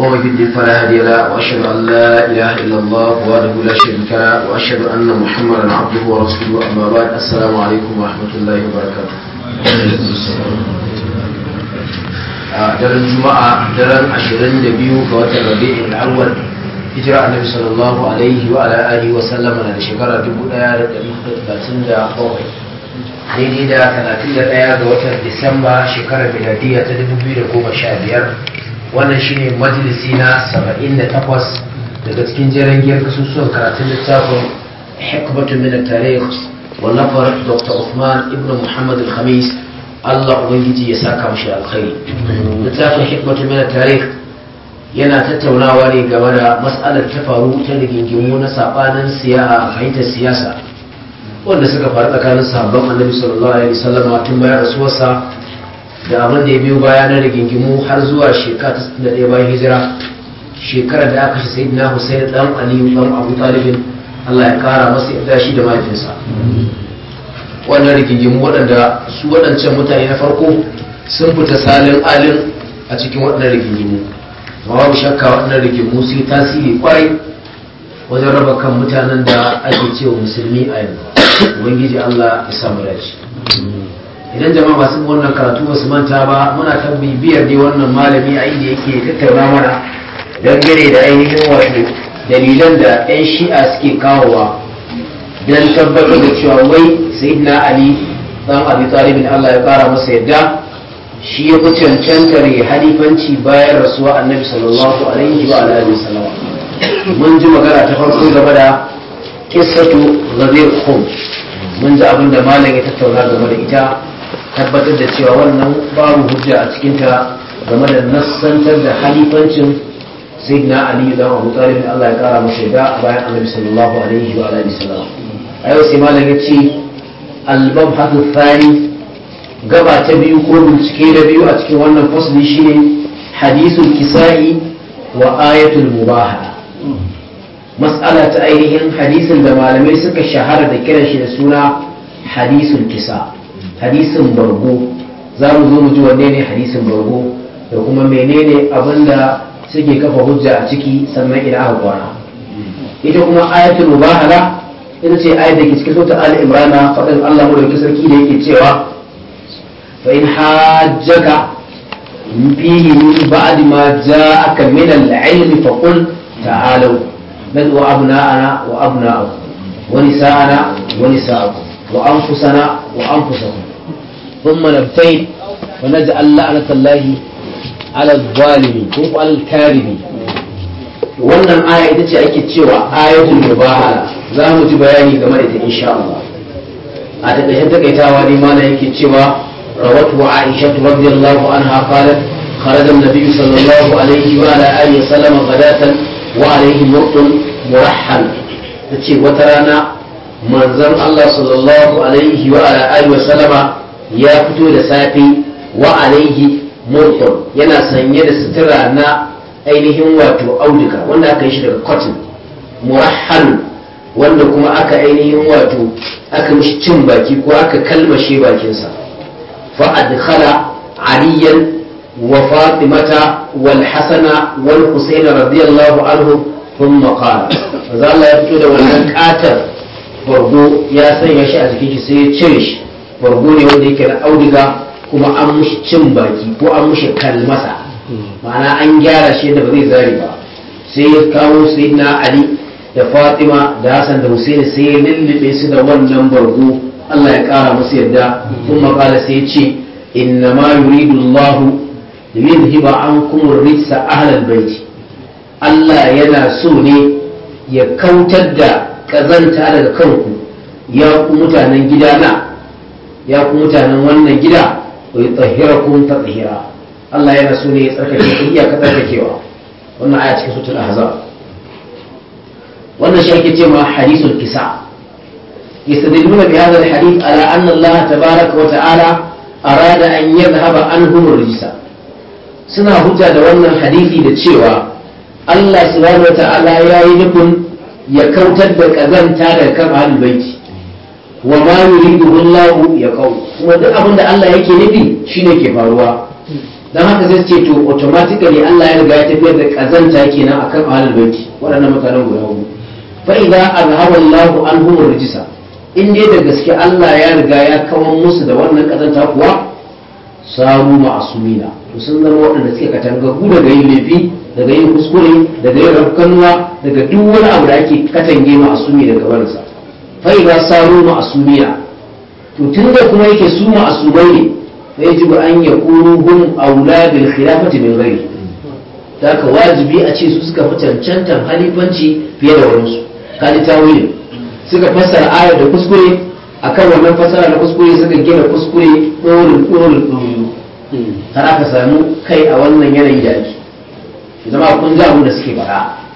ومن يضلل فلا هادي له واشهد ان لا اله الا الله وحده لا شريك له واشهد ان محمدا عبده ورسوله اما بعد السلام عليكم ورحمه الله وبركاته daren juma'a daren 22 ga watan rabi'ul awwal hijira annabi sallallahu alaihi wa ala alihi wa sallama na shekara 1437 daidai da 31 ga watan disamba shekarar miladiya ta 2015 wannan shine majalisi na 78 daga cikin jirangiyar kasusuwan karatun littafin hikmatu min at-tarikh wallafar dr usman ibn muhammad al-khamis Allah ubangiji ya sa mashi alkhairi littafin hikmatu min at yana tattaunawa ne game da mas'alar ta faru ta rigingimu na sabanin siyasa fahimtar siyasa wanda suka faru tsakanin sahabban annabi sallallahu alaihi wasallam tun bayan rasuwarsa da abin da ya biyo baya na rigingimu har zuwa shekara ta 61 bayan hijira shekarar da aka shi sai na Hussein dan ali dan Abu Talibin Allah ya kara masa yadda shi da mahaifinsa wannan rigingimu waɗanda su waɗancan mutane na farko sun fita salin alin a cikin waɗannan rigingimu babu shakka waɗannan rigingimu su yi tasiri kwarai wajen raba kan mutanen da ake cewa musulmi a yanzu ubangiji Allah ya samu dace idan jama'a ba masu wannan karatu ba su manta ba muna ta bibiyar ne wannan malami a inda yake tattauna mana dangane da ainihin wato dalilan da 'yan shi'a suke kawowa don tabbatar da cewa wai sayyidina ali dan abi talibin allah ya kara masa yadda shi ya fi cancantar ya halifanci bayan rasuwa annabi sallallahu alaihi wa alihi wasallam mun ji magana ta farko game da kissatu ghazir khum mun ji abin da malam ya tattauna game da ita tabbatar da cewa wannan babu hujja a cikinta game da nassantar da halifancin sayyidina ali da abu talib Allah ya kara mu shaida bayan annabi sallallahu alaihi wa alihi wasallam ayo sai malam ya ce al-mabhath thani gaba ta biyu ko bincike da biyu a cikin wannan fasli shine hadithul kisa'i wa ayatul mubaha mas'ala ta ainihin hadisin da malamai suka shahara da kiran shi da suna hadisun kisa' hadisin bargo za mu zo mu ji wanne ne hadisin bargo da kuma menene abinda da suke kafa hujja a ciki sannan ina aka kwana ita kuma ayatul mubahala ita ce ayat da ke cikin sautar ali imrana faɗin allah mu sarki da yake cewa fa in hajjaka fihi min ba'di ma ja'aka min al-ilmi fa qul ta'alu nad'u abna'ana wa abna'akum wa nisa'ana wa nisa'akum wa anfusana wa anfusakum ثم نبتهل ونجعل لعنة الله على الظالمين ko على الكاذبين wannan aya ita ce ake cewa ayatul mubahala za mu ji bayani game da ita insha Allah a takaitan takaitawa ne mana yake cewa rawatu Aisha radiyallahu anha qalat kharaja an-nabiy sallallahu alaihi wa ala alihi wa sallam ghadatan wa alaihi murtun murahhal tace wata rana manzon Allah sallallahu alaihi wa ala alihi wa sallama ya fito da safe wa alaihi murhun yana sanye da sutura na ainihin wato auduga wanda aka yi shi daga cotton murahan wanda kuma aka ainihin wato aka mishi cin baki ko aka kalmashe bakinsa fa adkhala aliyan wa fatimata wal hasana wal husain radiyallahu anhu thumma qala za ya fito da wannan katar bargo ya sanya shi a jikin shi sai ya cire shi bargo ne wanda yake da auduga kuma an mushi cin baki ko an mushi kalmasa ma'ana an gyara shi da ba zai zare ba sai ya kawo sayyidina ali da fatima da hasan da husaini sai ya lullube su da wannan bargo allah ya kara musu yadda kuma kala sai ya ce inna ma yuridu allah yuzhiba ankum rijsa ahla al allah yana so ne ya kautar da kazanta daga kanku ya mutanen gidana ya ku mutanen wannan gida ku yi tsahira ku Allah yana so ne ya tsarkake ku iyaka wannan aya cikin sutul ahzab wannan shi ake cewa hadisul kisa yastadilluna bi hadha alhadith ala anna Allah tabaraka wa ta'ala arada an yadhhaba anhum rijsa suna huta da wannan hadisi da cewa Allah subhanahu wa ta'ala yayi nufin ya kautar da kazanta daga kan ahlul wa ma yuridu ya kawo kuma duk abin da Allah yake nufi shine ke faruwa dan haka sai ce to automatically Allah ya riga ya tafiyar da kazanta kenan akan ahlul baiti waɗannan mutanen guda hudu fa idza azhaba Allahu anhum rijsa in dai da gaske Allah ya riga ya kawo musu da wannan kazanta kuwa samu ma'asumina to sun zama waɗanda suke katangagu daga yin laifi daga yin kuskure daga yin rafkanuwa daga duk wani abu da ake katange ma'asumi daga barinsa fa'iza saro ma'asumiya to tun da kuma yake su ma'asumai ne fa yajibu an yakunu hum aula bil khilafati min ghairi ka wajibi a ce su suka fi cancantar halifanci fiye da wani wurinsu kali tawilin suka fassara ayar da kuskure akan wannan fassara na kuskure suka gina kuskure ɗorin ɗorin ɗorin har aka samu kai a wannan yanayi da ake zama kun ji da suke faɗa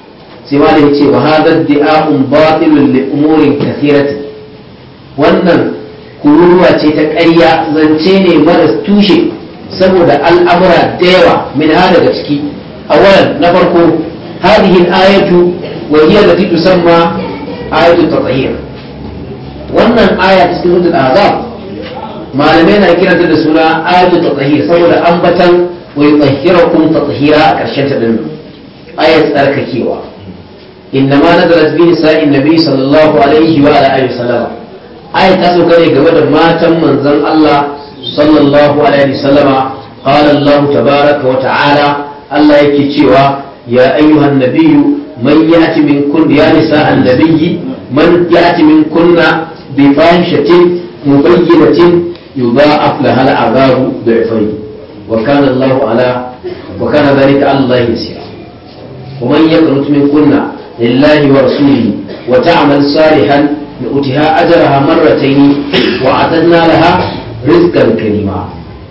sai ma da ya ce wa hadar ahun batilun li umurin kathirati wannan kururuwa ce ta ƙarya zance ne maras tushe saboda al'amura da yawa min ha da ciki awalan na farko hadihin ayatu wa hiya ta tusamma ayatu tatahir wannan aya ta cikin suratul azab malamai na kiranta da suna ayatu tatahir saboda ambatan wa ta tatheera a karshen ta din ayat tsarkakewa إنما نزلت به نساء النبي صلى الله عليه وعلى آله وسلم آية تاسو كان يقبل ما تم من ذن الله صلى الله عليه وسلم قال الله تبارك وتعالى الله يكتشوا يا أيها النبي من يأتي من كن يا نساء النبي من يأتي من كن بفاحشة مبينة يضاعف لها العذاب ضعفين وكان الله على وكان ذلك على الله يسير ومن يقنط من كنا lillahi wa wata wa ta'mal salihan nu'tiha ajraha marratayn wa atanna laha rizqan karima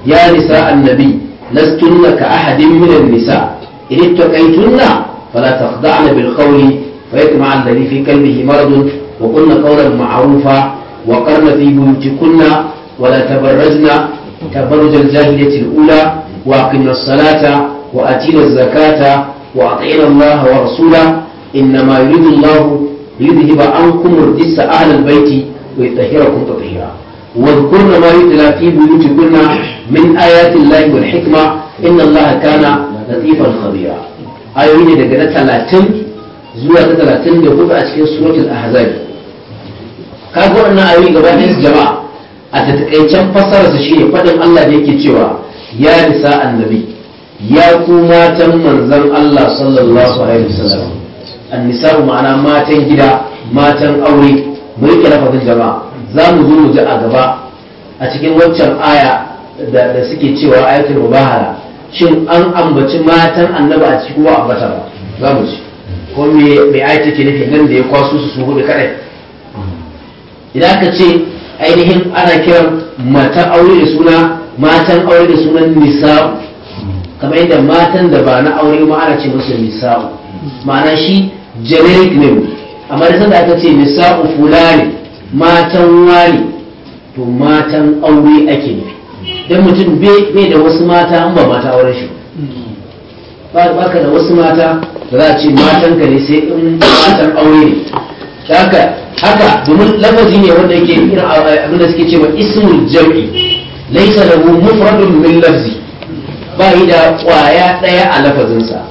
ya nisa annabi lastunna ka ahadin min an-nisa in ittaqaytunna fala takhda'na bil qawli فيطمع الذي في قلبه مرض وقلن قولا معروفا وقرن في بيوتكن ولا تبرجن تبرج الجاهلية الأولى وأقمنا الصلاة وأتينا الزكاة وأطعنا الله ورسوله إنما يريد الله ليذهب عنكم الرجس أهل البيت ويطهركم تطهيرا واذكرن ما يتلى في بيوتكن من آيات الله والحكمة إن الله كان لطيفا خبيرا ayoyi ne daga na talatin zuwa ta talatin da hudu a cikin suratul ahzab kaga wannan ayoyi gaba ɗaya jama'a a taƙaicen fassararsa shine faɗin Allah da yake cewa ya nisa annabi ya ku matan manzon Allah sallallahu alaihi wasallam annisa'u ma'ana matan gida matan aure mu rike lafazin jama'a za mu zo mu ji a gaba a cikin waccan aya da suke cewa ayatul mubahara shin an ambaci matan annaba a cikin wa ambata ba za mu ci ko me me ayati ke nufi nan da ya kwaso su su hudu kadai idan ka ce ainihin ana kiran matan aure da suna matan aure da sunan nisa'u kamar yadda matan da ba na aure ma ana ce musu nisa'u ma'ana shi generic name amma da sanda aka ce nisa'u fulani matan wani to matan aure ake nufi don mutum bai da wasu mata an ba mata auren shi ba ka da wasu mata da za a ce matan ka ne sai in matan aure ne haka haka domin lafazi ne wanda yake irin abin da suke cewa ismul jam'i laisa lahu mufradun min lafzi ba yi da kwaya daya a lafazinsa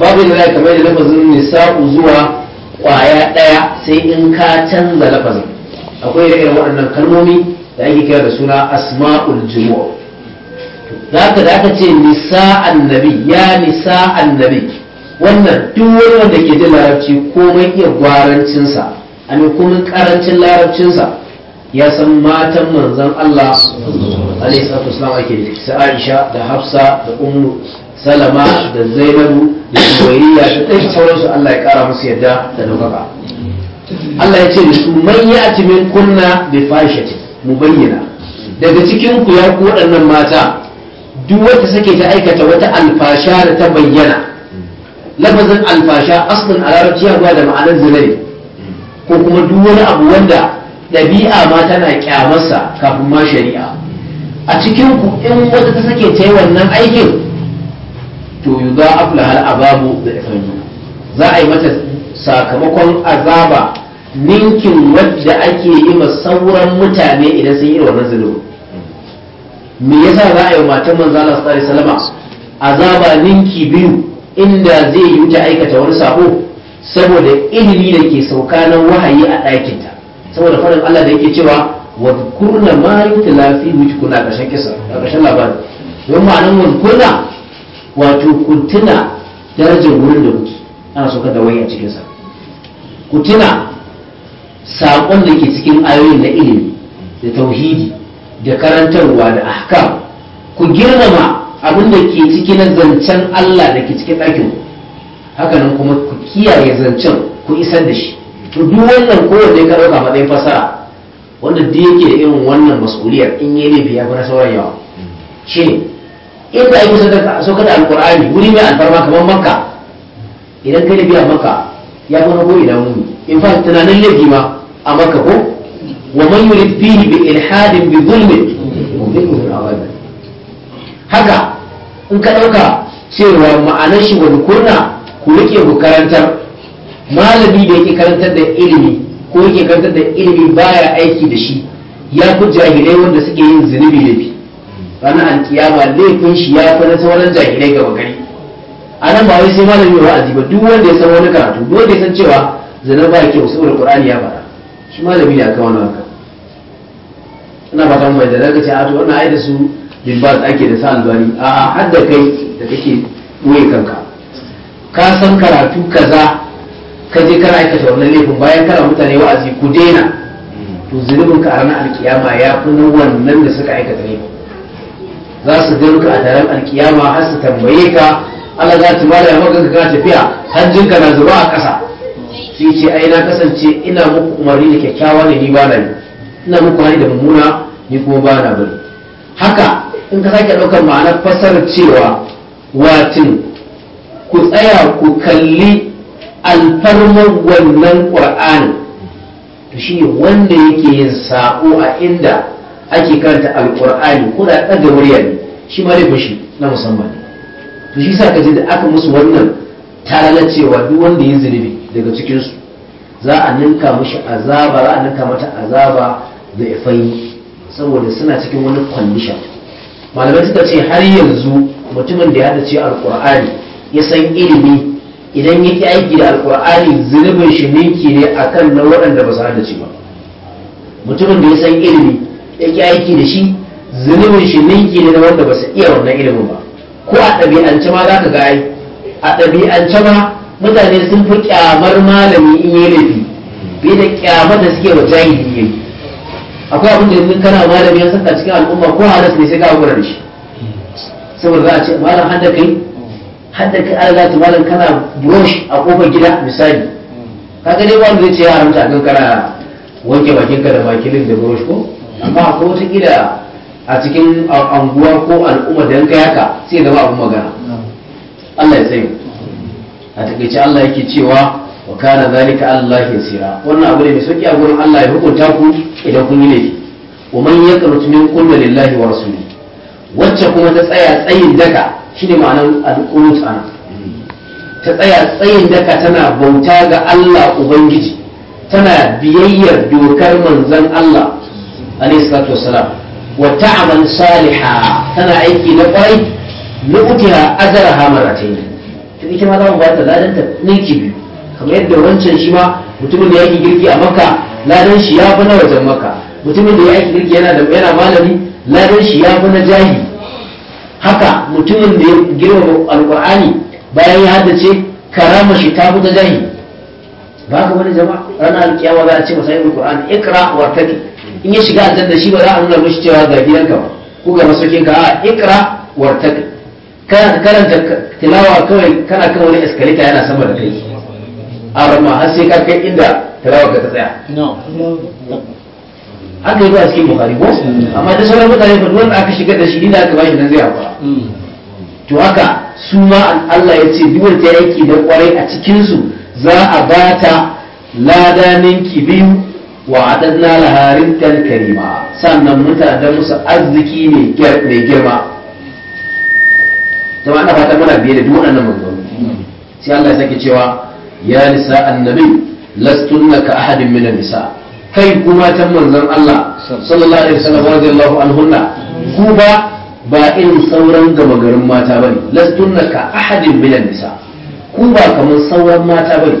babu da zai kamar da lafazin nisa'u zuwa kwaya ɗaya sai in ka canza lafazin akwai irin waɗannan kalmomi da ake kira da suna asma'ul jumu'a za da aka ce nisa annabi ya nisa'an annabi wannan duk wani wanda ke jin larabci komai iya gwarancinsa a kuma karancin larabcinsa ya san matan manzon Allah alaihi salatu wasallam ake da Aisha da Hafsa da Ummu salama da zainabu da suwayya da ɗan sauransu Allah ya ƙara musu yadda da ɗaukaka Allah ya ce da su man ya ci min kunna bi fahishati mu bayyana daga cikin ku ya ku waɗannan mata duk wata sake ta aikata wata alfasha da ta bayyana lafazin alfasha asalin a larabci ya da ma'anar zinari ko kuma duk wani abu wanda ɗabi'a ma tana kyamarsa kafin ma shari'a a cikin ku in wata ta sake ta yi wannan aikin to yi yuza a hala azabu da ifanju za a yi mata sakamakon azaba ninkin wadda ake yi ma sauran mutane idan sun yi wannan zunubi me yasa za a yi matan manzo Allah sallallahu alaihi azaba ninki biyu inda zai yi ta aikata wani sabo saboda ilimi da ke sauka na wahayi a ɗakinta saboda farin Allah da yake cewa wa kurna ma yutla fi wujuhuna ƙarshen kisa ƙarshen labari don ma'anar wa kurna wato kutuna darajar wurin da muke ana so kada waya cikin sa ku tuna saƙon da ke cikin ayoyin na ilimi da tauhidi da karantarwa da ahkam ku girmama abin da ke na zancen Allah da ke cikin ɗakin hakanan kuma ku kiyaye zancen ku isar da shi to duk wannan kowanne ka ɗauka matsayin fasara wanda duk yake da irin wannan masuliyar in yi laifi ya fi na sauran yawa shi yadda ake sadaka a saukar alkur'ani wuri mai alfarma kamar makka idan ka biya makka ya gona ko idan muni in fa tunanin laifi ma a makka ko wa man yurid fihi bi ilhadin bi zulmi haka in ka dauka cewa ma'anar shi wani kurna ku rike ku karantar malami da yake karantar da ilimi ko yake karantar da ilimi baya aiki da shi ya fi jahilai wanda suke yin zunubi da bi ranar alkiyama laifin shi ya fi na sauran jahilai gaba gari a nan ba wai sai malami wa wa'azi ba duk wanda ya san wani karatu duk wanda ya san cewa zina ba kyau saboda qur'ani ya fara shi malami ne aka wani haka ina ba ta mai da daga ce a to wannan aida da su dimbas ake da sa albani a har da kai da kake boye kanka ka san karatu kaza ka je kana aikata wannan laifin bayan kana mutane wa'azi ku daina to zunubin ka a ranar alkiyama ya fi na wannan da suka aikata laifin za su dinka a daren alkiyama har su tambaye ka Allah za ta bada maka ka tafiya hanjin ka na zuba a ƙasa shi ce ai na kasance ina muku umarni da kyakkyawa ne ni ba na ina muku hani da mummuna ni kuma ba na bari haka in ka sake ɗaukar ma'anar fasarar cewa watin ku tsaya ku kalli alfarman wannan ƙur'ani to ne wanda yake yin sa'o a inda ake karanta alkur'ani ko da ɗaga murya ne shi ma laifin shi na musamman ne to shi sa ka ji da aka musu wannan talala cewa duk wanda ya zunubi daga cikinsu za a ninka mashi azaba za a ninka mata azaba da ifai saboda suna cikin wani kwandishan malamai suka ce har yanzu mutumin da ya dace alkur'ani ya san ilimi idan ya ki aiki da alkur'ani zunubin shi ke ne akan na waɗanda ba su hada ba mutumin da ya san ilimi yake aiki da shi zunubin shi ninki ne na wanda ba su iya wannan ilimin ba ko a ɗabi'ance ma za ka ga ai a ɗabi'ance ma mutane sun fi kyamar malami in yi laifi bai da kyamar da suke wa jahili yi akwai abin da yanzu kana malami ya saka cikin al'umma ko halas ne sai ka gura da shi saboda za a ce malam hada kai hada kai ala ta malam kana brush a kofar gida misali kaga dai wanda zai ce ya haramta a kankara wanke bakinka da makilin da brush ko amma ko wata gida a cikin anguwar ko al'umma da yanka yaka sai zama abin magana Allah ya sai a takaice Allah yake cewa wa kana zalika Allah ya sira wannan abu ne mai sauki a gurin Allah ya hukunta ku idan kun yi laifi Kuma man yaqnutu min kulli lillahi wa rasuli wacce kuma ta tsaya tsayin daka shine ma'anar al-qunut ana ta tsaya tsayin daka tana bauta ga Allah ubangiji tana biyayyar dokar manzon Allah alaihi salatu wassalam wa ta'amal saliha tana aiki na kwarai nu'tiha ajraha marratayn to ita ma za mu bata ladan ta ninki biyu kamar yadda wancan shi ma mutumin da yake girki a maka ladan shi ya fi na wajen mutumin da girki yana da yana malami ladan shi ya na jahi haka mutumin da ya girma alqur'ani bayan ya haddace karama shi ta fi jahi ba ka wani jama'a ranar alkiyama za a ce masa yin qur'ani ikra wa taki in ya shiga da shi ba za a nuna mishi cewa ga gidanka ba ko ga ka a ikra warta. kana karanta tilawa kawai kana kan wani escalator yana sama da kai a rama har sai ka kai inda tilawa ka tsaya An yi ba cikin bukari ko amma da sauran mutane ba wanda aka shiga da shi inda aka bashi nan zai hafa mm. to haka su ma Allah ya ce duk wanda yake da kwarai a cikin su za a bata ladanin kibiyu وعددنا لها رزقا كريما سنة متى دمس أزكي من جرما طبعا أنا فاتمنا بيد دون أن نمضل سي الله يسكي تشوا يا نساء النبي لستن كأحد من النساء كي كما تم زن الله صلى الله عليه وسلم رضي الله عنهن كوبا با إن صورا كما جرم ما تابني لستن كأحد من النساء كوبا كما صورا ما تابني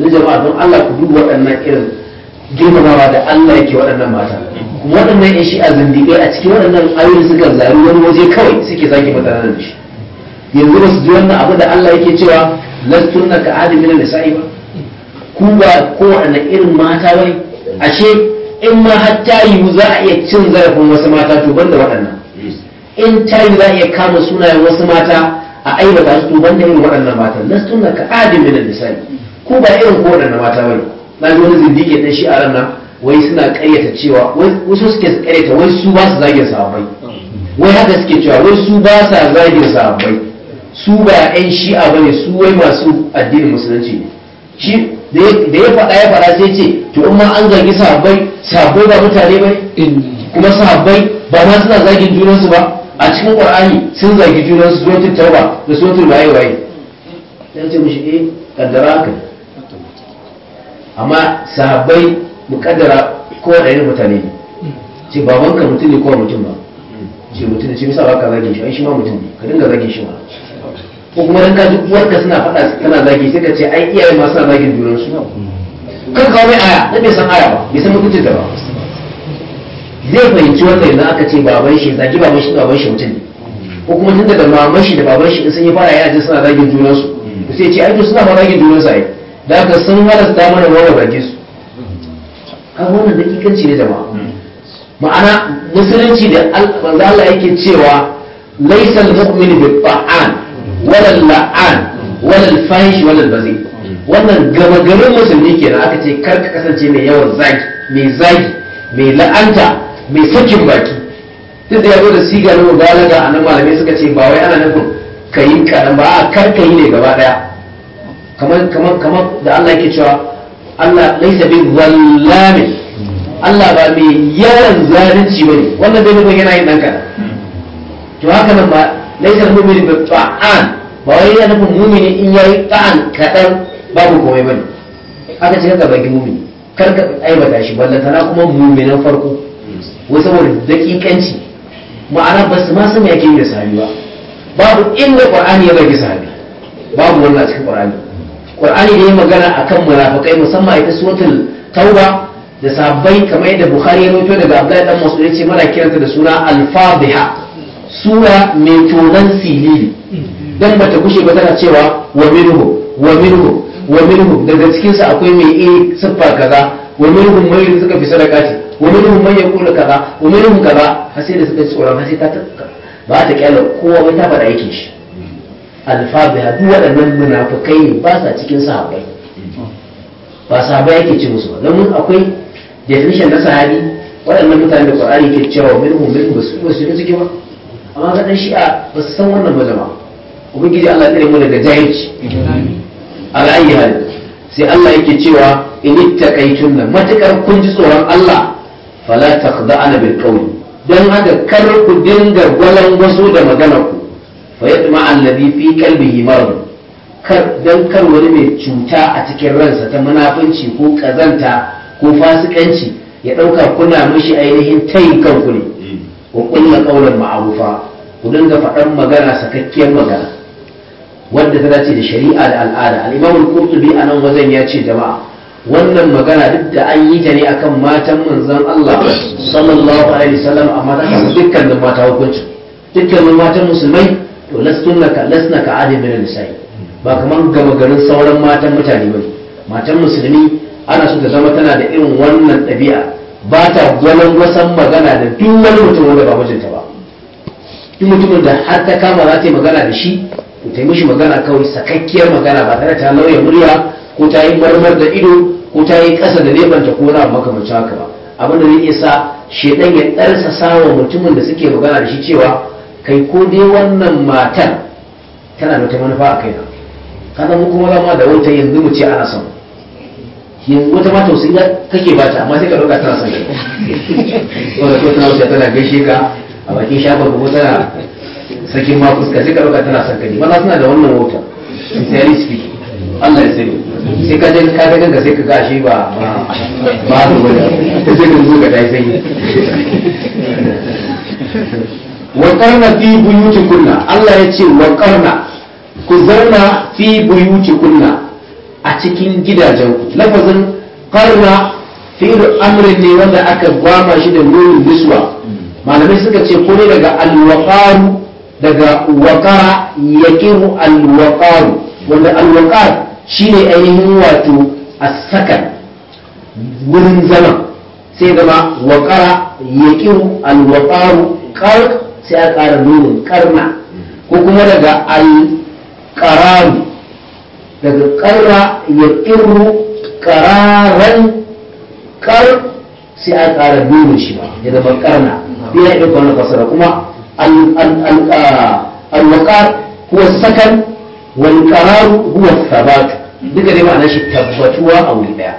يا جماعة الله كدوا أن كرم girmamawa da Allah yake waɗannan mata waɗannan in shi a zindiƙai a cikin waɗannan ayoyin suka zaru wani waje kawai suke zaki mutanen da shi yanzu ba su ji wannan abu da Allah yake cewa na ka adamin da sa'i ba ku ba kowane irin mata bai ashe in ma har ta yiwu za a iya cin zarafin wasu mata to banda waɗannan in ta yiwu za a iya kama sunayen wasu mata a aibata su to banda irin waɗannan mata na ka minan da sa'i ku ba irin ko waɗannan mata bai na ji wani zindige ɗan shi a ran nan wai suna ƙaryata cewa wai su suke ƙaryata wai su ba su zagin sahabbai wai haka suke cewa wai su ba sa zagin sahabbai su ba yan shi'a bane su wai masu addinin musulunci ne shi da ya faɗa ya faɗa sai ce to in ma an zargi sahabbai sahabbai ba mutane ba kuma sahabbai ba ma suna zagin junansu ba a cikin qur'ani sun zagi junansu suratul tauba da suratul waye waye dan ce mushi eh kaddara haka amma sahabbai mukaddara ko irin mutane ne ce babanka mutum ne kowa mutum ba ce mutum ne ce bisa ba ka zage shi ai shi ma mutum ne ka dinga zage shi ma ko kuma dan ka duk wanda suna faɗa kana zage sai ka ce ai iyaye ma suna zage junan su kan ka wani aya na bai san aya ba bai san mutunta da ba zai fahimci wanda idan aka ce baban shi zage baban shi baban shi mutum ne ko kuma tun daga maman shi da baban shi sun yi fara yaji suna zagin junan su sai ce ai to suna ma zagin junan su ai da haka sun halasta mana wani baki su kaga wannan dakikanci ne jama'a ma'ana musulunci da manzo Allah yake cewa laysal mu'minu bi ta'an wala la'an wala al-fahish wala al-bazi wannan gama garin musulmi kenan aka ce kar ka kasance mai yawan zagi mai zagi mai la'anta mai sakin baki duk da ya zo da siga na mubalaga a nan malamai suka ce ba wai ana nufin ka yi kaɗan ba a kar ka yi ne gaba ɗaya kamar kamar kamar da Allah yake cewa Allah laisa bi zallamin Allah ba mai yawan zalunci bane wannan zai nufin yana yin danka to haka nan ba laisa mu'min bi ta'an ba wai yana nufin mu'mini in yayi ta'an kadan babu komai bane haka ce ga bagi mu'mini kar ka aibata shi ballantana kuma muminin farko wai saboda dakikanci ma'ana ba su ma san yake yi da sahabi ba babu inda qur'ani ya baki sahabi babu wannan cikin qur'ani qur'ani da ya magana akan munafikai musamman ita suratul tauba da sabbai kamar yadda bukhari ya rawaito daga abdullahi dan mas'ud yace mana kiranta da suna al-fadiha sura mai tonan silili dan bata kushe ba tana cewa wa minhu wa minhu wa minhu daga cikin sa akwai mai eh siffa kaza wa minhum man suka fi sadaqati wa mai ya kula kaza wa minhu kaza har sai da suka tsora har sai ta ba ta kyale kowa mai ta fara yake shi alfabiya duk waɗannan munafukai ne ba sa cikin sahabai ba sahabai yake ce musu ba mun akwai definition na sahabi waɗannan mutane da ƙwarari ke cewa minhu minhu ba su ciki suke ba amma ga dan shi'a ba su san wannan ba jama'a ubangiji Allah ya tsare mu daga jahilci ala ayi hal sai Allah yake cewa in ittaqaytunna matakar kun ji tsoron Allah fala taqda'ana bil qawl dan haka kar ku dinga gwalan wasu da maganar ku fa yatma alladhi fi qalbihi marad kar dan kar wani mai cuta a cikin ransa ta munafunci ko kazanta ko fasikanci ya dauka kuna mishi ainihin tayin kanku ne ko qulna qawlan ma'rufa ku dinga faɗan magana sakakkiyar magana wanda ta dace da shari'a da al'ada al-imam al-qurtubi anan wajen ya ce jama'a wannan magana duk da an yi ta ne akan matan manzon Allah sallallahu alaihi wasallam amma ta dukkanin mata hukunci dukkanin matan musulmai to lasna ka adi min nisa'i ba kaman gama garin sauran matan mutane ba matan musulmi ana so ta zama tana da irin wannan ɗabi'a ba ta gwasan magana da duk wani mutum wanda ba mijinta ba duk mutumin da har ta kama za ta yi magana da shi ko ta yi mishi magana kawai sakakkiyar magana ba tare ta lauya murya ko ta yi marmar da ido ko ta yi ƙasa da lebanta ko na makamancin haka ba abin da zai iya sa shedan ya ɗarsa sawa mutumin da suke magana da shi cewa kai ko dai wannan matan tana da wata manufa a na, kana mu kuma zama da wata yanzu mu ce ana son yanzu wata ma ya kake ba ta amma sai ka dauka tana son kai wanda ko tana wuce tana gaishe ka a bakin shafa ko tana sakin ma fuska sai ka dauka tana son kai maza suna da wannan wata sincerely speaking Allah ya sani sai ka je ka ga kanka sai ka ga shi ba ba ba sai ka zo ga dai sai waƙarna fi buyuti kunna Allah ya ce waƙarna ku zauna fi buyuti kunna a cikin gidajenku lafazin ƙarna fi'il amrin ne wanda aka gwama shi da nunin niswa malamai suka ce ko ne daga alwaqaru daga waqara yaqiru alwaqaru wanda alwaqar shine ainihin wato a sakan wurin zama sai zama waqara yaqiru alwaqaru qarq sai a ƙara nunin karna ko kuma daga alƙararu daga ƙarra ya ƙirru ƙararren ƙar sai a ƙara nunin shi ba ya zama ƙarna yana iya kwanar fasara kuma alwakar kuwa sakan walƙararu kuwa sabatu duka dai ma'ana shi tabbatuwa a wuri ɗaya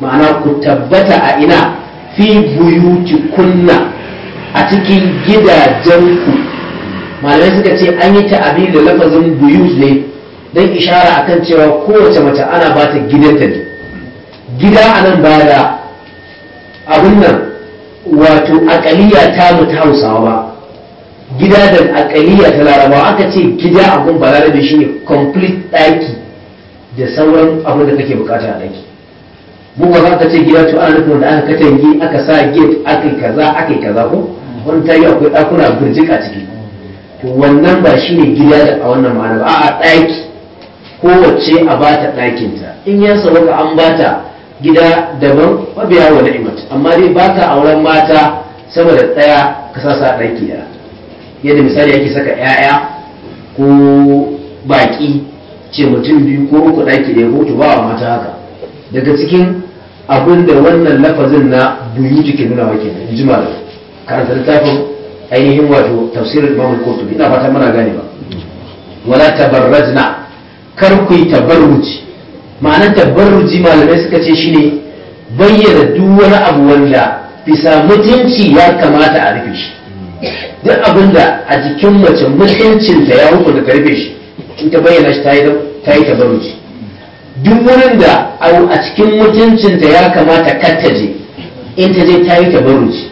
ma'ana ku tabbata a ina fi buyuti kunna a cikin gidajen ku, malamai suka ce an yi ta'abi da lafazin buyut ne don ishara akan cewa kowace mace ana ba ta gidanta ne gida a nan baya da abin nan wato akaliya ta mutu hausawa ba gida da akaliya ta larabawa aka ce gida abin balarabe shi ne complete ɗaki da sauran abin da kake bukata a ɗaki mu ba za ka ce gida to ana nufin da aka katange aka sa gate aka kaza aka kaza ko wani ta yi akwai ɗakuna birjik a ciki to wannan ba shi ne gida da a wannan ma'ana ba a ɗaki kowace a ba ta ɗakinta in ya sauka an ba ta gida daban mabiya wa ni'imat amma dai ba ta a auren mata saboda ɗaya ka sa ɗaki da yadda misali yake saka 'ya'ya ko baƙi ce mutum biyu ko uku ɗaki ɗaya ko ba wa mata haka daga cikin abinda da wannan lafazin na buyu jikin nuna wake in ji malam karanta littafin ainihin wato tafsirin imam al-qurtubi ina fatan muna gane ba wala tabarrajna kar ku yi tabarruji ma'ana tabarruji malamai suka ce shine bayyana duk wani abu wanda bisa mutunci ya kamata a rufe shi duk abin da a jikin mace mutuncin ta ya hukunta ka rufe shi in ta bayyana shi ta yi tabarruji duk wurin da a cikin mutuncinta ya kamata kattaje in ta je ta yi tabarruji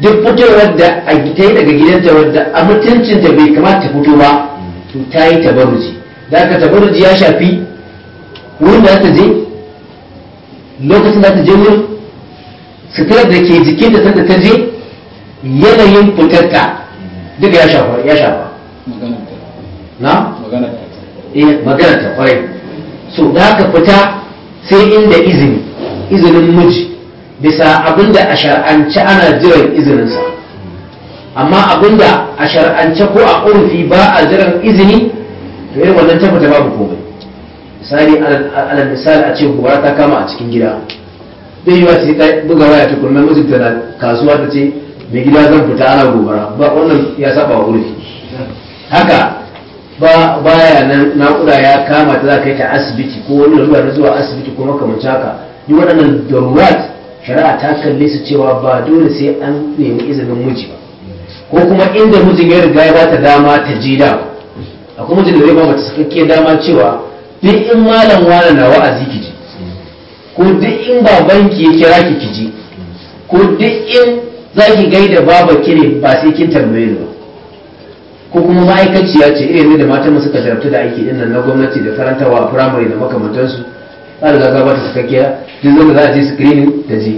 duk fitowar da a ta yi daga gidanta wadda a mutuncinta bai kamata fito ba to ta yi tabaruji da aka tabaruji ya shafi wurin da ta je lokacin da ta je wurin suturar da ke jikinta da ta je yanayin fitarta duka ya shafa ya shafa na maganar ta kwarai eh, so da aka fita sai inda izini izinin miji bisa abinda a shar'ance ana jiran izininsa amma abinda a shar'ance ko a urfi ba a jiran izini to irin wannan tabbata babu komai misali alal misali a ce gobara ta kama a cikin gida zai yi wace ta buga waya ta kullum mijinta na kasuwa ta ce mai gida zan fita ana gobara ba wannan ya saba wa urfi haka ba baya nan kula ya kama ta za ka yi ta asibiti ko wani lalura na zuwa asibiti ko makamancin haka yi waɗannan darurat shari'a ta kalle su cewa ba dole sai an nemi izinin miji ba ko kuma inda mijin ya riga ya bata dama ta je da akwai mijin da zai ba mata sakakkiyar dama cewa duk in malam wani na wa'azi ki je ko duk in babanki ya kira ki ki je ko duk in za ki gaida baba kire ba sai kin tambaye ba ko kuma ma'aikaciya ce irin da matan suka jarabtu da aiki dinnan na gwamnati da farantawa a firamare da makamantansu ta ba ta bata sakakkiya duk zama za a je screening da ji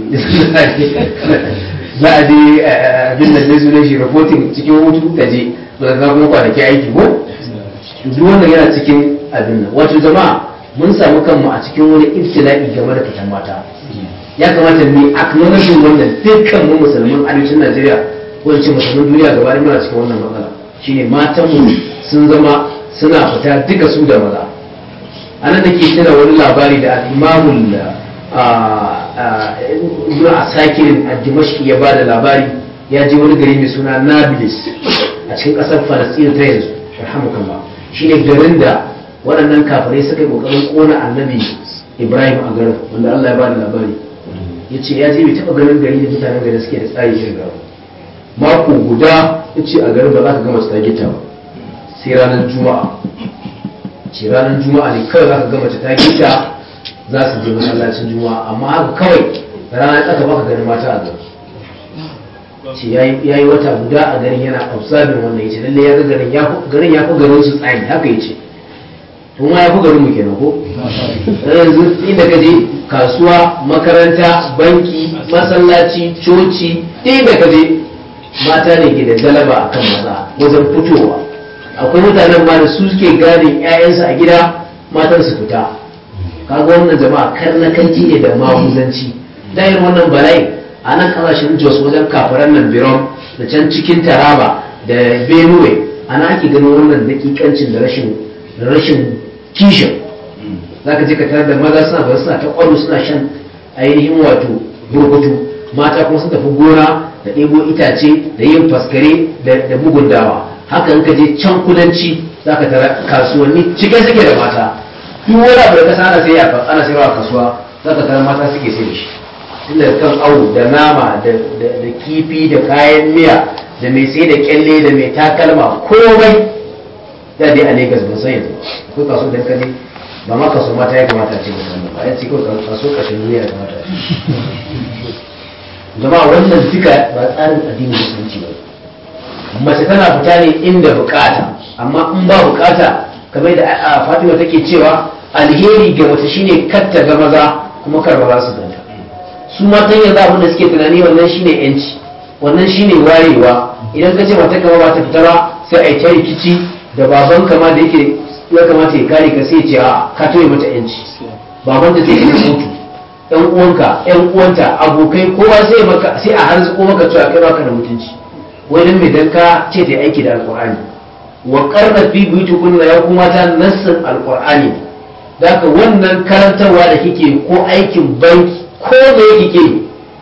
za a je eh, abin da zai zune shi reporting cikin hutu da ji za ta kuma kwanaki aiki ko duk wannan yana cikin abin nan wato jama'a mun samu kanmu a cikin wani ibtila'i game da fitan mata ya kamata a mu acknowledge wannan dukkan mu musulman arewacin Najeriya ko in ce musulman duniya gaba da muna cikin wannan matsala shine ne matanmu sun zama suna fita duka su da maza ana da ke tsira wani labari da al'imamun da a ah, ah, asakirin a dimashki ya ba da labari ya je wani gari mai suna nablus a cikin ƙasar falastin ta yanzu ba shi ne garin da waɗannan kafirai suka yi ƙoƙarin ƙona annabi ibrahim a garin wanda allah ya ba da labari ya ce ya je bai taɓa ganin gari da mutanen gari suke da tsari shi ga mako guda ya ce a garin ba za ka gama tsagita ba sai ranar juma'a ce ranar juma'a ne kawai za ka gama ta ta, za su je masallacin juma'a amma haka kawai rana tsaka baka ganin mata a gari ce ya yi wata guda a ganin, yana ausabin, wannan ya ce lalle ya ga garin ya fi garin su tsayi haka ya ce tun ma ya fi garin mu kenan ko yanzu inda ka je kasuwa makaranta banki masallaci coci inda ka je mata ne ke da dalaba a kan maza wajen fitowa akwai mutanen ma da su suke gane 'ya'yansu a gida matan su fita kaga wannan jama'a kar na kai ne da mahuzanci dayar wannan bala'i a nan kasashen jos wajen kafaran nan biron da can cikin taraba da benue ana ake ganin wannan dakikancin da rashin rashin kishin zaka je ka tarar da maza suna ba suna ta kwallo suna shan ainihin wato burkutu mata kuma sun tafi gona da ɗebo itace da yin faskare da bugun dawa haka in ka je can kudanci za ka tara kasuwanni cikin suke da mata duk wani abu da kasa ana sai ya ana sai ba kasuwa za ka tara mata suke sai shi tunda kan awo da nama da kifi da kayan miya da mai sai da kyalle da mai takalma komai da dai a Lagos ban san yanzu ko kaso da kani ba ma kaso mata ya kamata ce ba ba ya ce ko kaso kashin duniya ya kamata jama'a wannan duka ba tsarin addinin musulunci ba mace tana fita ne inda bukata amma in ba bukata kamar da fatima take cewa alheri ga mace shine katta ga maza kuma karba ba su ganta su matan yanzu abin da suke tunani wannan shine yanci wannan shine wayewa idan ka ce mata kama ba ta fita ba sai a yi ta rikici da baban kama da yake ya kamata ya kare ka sai ce a ka toye mata yanci baban da zai yi mutu yan uwanka yan uwanta abokai kowa sai maka sai a harzuko maka cewa kai baka da mutunci wani mai danka ce ta aiki da alkur'ani wa karna fi buyuti kunna ya kuma ta nassin alkur'ani da ka wannan karantarwa da kike ko aikin banki ko yake kike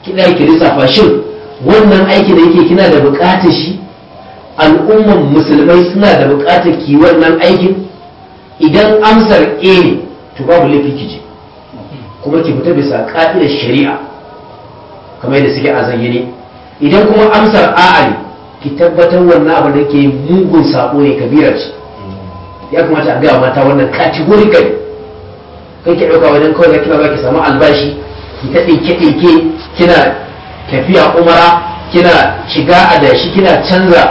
kina ki lissafa shin wannan aikin da yake kina da buƙatar shi al'umman musulmai suna da buƙatar ki wannan aikin idan amsar a ne to babu laifi ki kuma ki fita bisa ƙa'idar shari'a kamar yadda suke a zayyane idan kuma amsar a'a ne ki tabbatar wannan abu da ke mugun sako ne kabirar su ya kamata a gaya mata wannan categorically kai ki dauka wajen kawai zaki ba ki samu albashi ki ta dinke dinke kina tafiya umara kina shiga a dashi, kina canza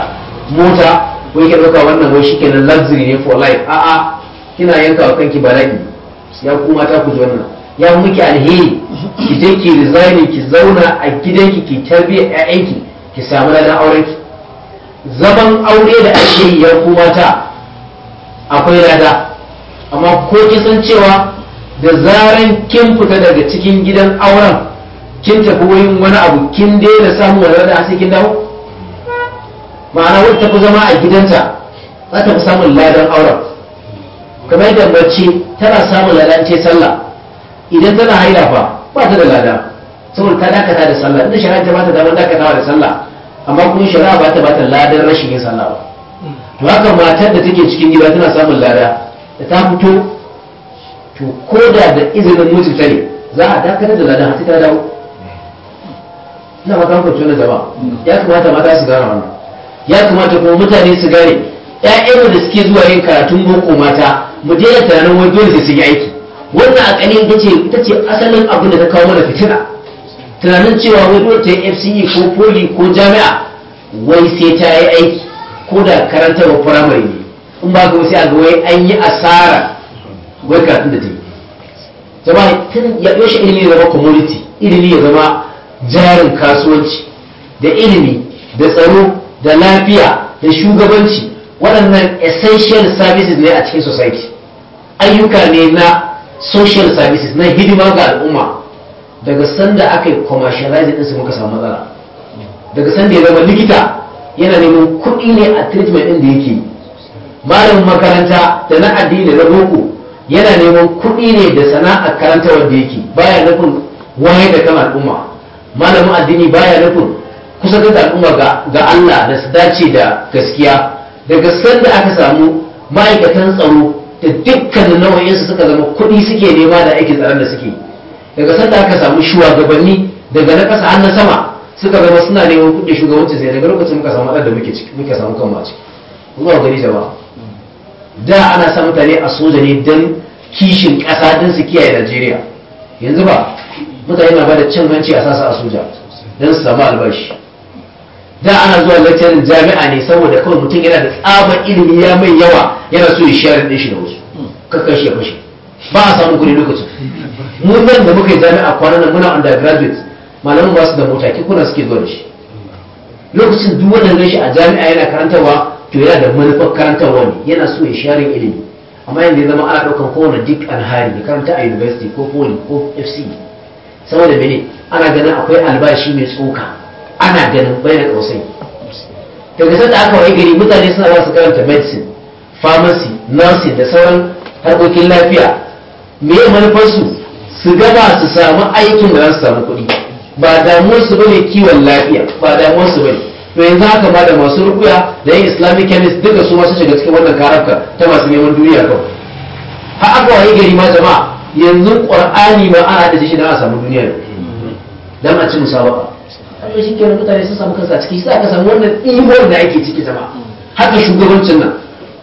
mota wai ki dauka wannan wai shi luxury ne for life a'a kina yanka wa kanki bala'i ya kuma ta kuje wannan ya muke alheri ki je ki resign ki zauna a gidanki ki tarbiyyar 'ya'yanki ki samu ladan aurenki zaman aure da ake yi yan mata akwai lada amma ko ki san cewa da zaran kin fita daga cikin gidan auren kin tafi wurin wani abu kin daina samu wani lada sai kin dawo ma'ana wata tafi zama a gidanta za ta fi samun ladan auren kamar yadda mace tana samun lada ce sallah idan tana haila fa ba ta da lada saboda ta dakata da sallah inda shari'a ta ba ta damar dakatawa da sallah amma kuma shari'a ba ta ba ta rashin yin sallah ba to haka matar da take cikin gida tana samun lada da ta fito to ko da da izinin mutu ta ne za a dakatar da ladan hatsi ta dawo ina ba kan tunan da jama'a ya kamata mata su gane wannan ya kamata kuma mutane su gane ƴaƴan da suke zuwa yin karatun boko mata mu daina tunanin wani dole sai sun yi aiki wannan a ita ita ce asalin abin da ta kawo mana fitina tunanin cewa wai dole ta yi fce ko poli ko jami'a wai sai ta yi aiki ko da wa firamare ne in ba ka sai a wai an yi asara wai karatun da ta yi zama tun ya ɗoshe ilimi ya zama community ilimi ya zama jarin kasuwanci da ilimi da tsaro da lafiya da shugabanci waɗannan essential services ne a cikin society ayyuka ne na social services na hidima ga al'umma daga sanda aka yi din su muka samu matsala daga sanda ya zama likita yana neman kuɗi ne a treatment ɗin da yake Malam makaranta da na addini na boko yana neman kuɗi ne da sana'a karanta wanda yake baya nufin wayar da kan al'umma malamin addini baya nufin kusa da al'umma ga Allah da su dace da gaskiya daga sanda aka samu ma'aikatan tsaro da dukkan nau'in su suka zama kuɗi suke nema da aikin tsaron da suke daga sanda aka samu shugabanni daga na kasa har na sama suka zama suna neman kuɗin shugabanci sai daga lokacin muka samu haɗar da muke ciki muke samu kanmu a ciki kuma gani jama'a da ana sa mutane a soja ne don kishin kasa don su kiyaye Najeriya yanzu ba mutane na da cin hanci a sasa a soja don su samu albashi da ana zuwa lecturing jami'a ne saboda kawai mutum yana da tsaban ilimi ya mai yawa yana so ya share din shi da wasu kakkan shi ya fashe ba a samu kuɗi lokacin mun nan da muka yi jami'a kwanan nan muna undergraduate malaman ba su da mota kuna suke zuwa shi lokacin duk wannan gashi a jami'a yana karantarwa to yana da manufar karantarwa ne yana so ya sharin ilimi amma yanzu ya zama ana ɗaukar kowane dik alhari da karanta a university ko poli ko fc saboda mene ana ganin akwai albashi mai tsoka ana ganin bai da daga sanda aka wayi gari mutane suna za su karanta medicine pharmacy nursing da sauran harkokin lafiya me manufarsu su gaba su samu aikin da za su samu kuɗi ba damuwarsu bane kiwon lafiya ba damuwarsu bane to yanzu haka ma da masu rukuya da yin islamic chemist duka su masu shiga cikin wannan karafka ta masu neman duniya kawai har aka wayi gari ma jama'a yanzu qur'ani ma ana da shi da a samu duniya dan a ci musabaka Allah shi kenan mutane sun samu kansa ciki sai aka samu wannan imar da ake ciki jama'a haka shugabancin nan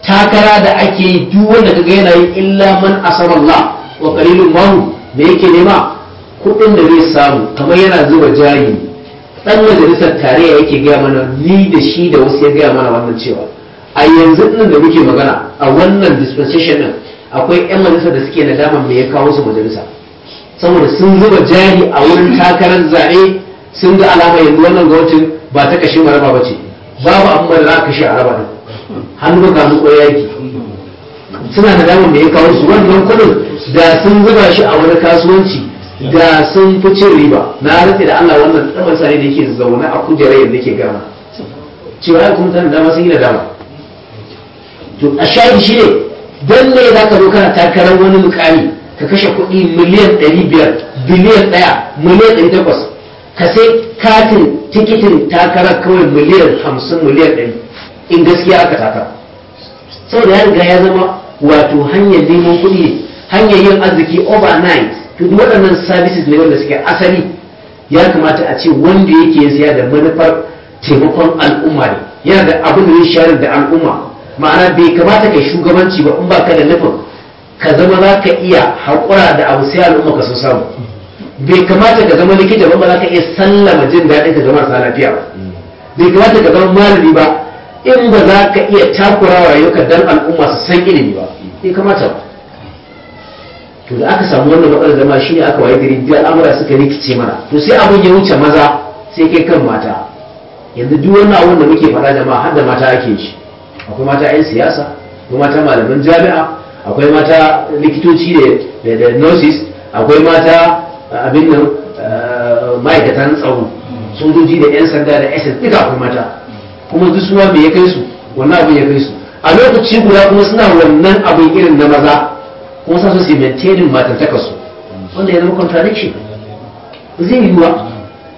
takara da ake yi duk wanda kaga yana yi illa man asama Allah wa qalilun mahu da yake nema kuɗin da zai samu kamar yana zuba jari ɗan majalisar tarayya yake gaya mana ni da shi da wasu ya gaya mana wannan cewa a yanzu ɗin da muke magana a wannan dispensation ɗin akwai 'yan majalisar da suke nadaman me ya kawo su majalisa saboda sun zuba jari a wurin takarar zaɓe sun ga alama yanzu wannan gwamnatin ba ta kashe maraba ba ce babu abin da za ka kashe a raba ɗin hannu ka mu koyaki suna nadaman me ya kawo su wannan kuɗin da sun zuba shi a wani kasuwanci da sun fi cin riba na rufe da Allah wannan tsaban sare da yake zaune a kujerar yadda yake gama cewa ya kuma tana dama sun yi da dama to a shaidi shi ne don ne za ka zo kana takarar wani mukami ka kashe kuɗi miliyan ɗari biyar biliyan ɗaya miliyan ɗari takwas ka sai katin tikitin takarar kawai miliyan hamsin miliyan ɗari in gaskiya aka taka saboda ya riga ya zama wato hanyar neman kuɗi hanyar yin arziki overnight to duk waɗannan services ne wanda suke asali ya kamata a ce wanda yake siya da manufar taimakon al'umma ne yana da abin da zai shayar da al'umma ma'ana bai kamata ka shugabanci ba in ba ka da nufin ka zama za ka iya haƙura da abu sai al'umma ka sun samu bai kamata ka zama likita ba ba za ka iya sallama jin daɗin ka zama sa lafiya ba bai kamata ka zama malami ba in ba za ka iya takurawa yau ka dan al'umma su san ilimi ba bai kamata ba to da aka samu wannan matsalar zama ne aka waye gari da amura suka rikice mana to sai abin ya wuce maza sai kai kan mata yanzu duk wannan abun da muke faɗa jama'a har da mata ake shi akwai mata 'yan siyasa akwai mata malaman jami'a akwai mata likitoci da nurses akwai mata abin nan ma'aikatan tsaro sojoji da 'yan sanda da ss duka akwai mata kuma duk suna me ya kai su wannan abin ya kai su a lokaci guda kuma suna wannan abin irin na maza kuma sa su su maintainin matantakarsu wanda ya zama contradiction zai yiwuwa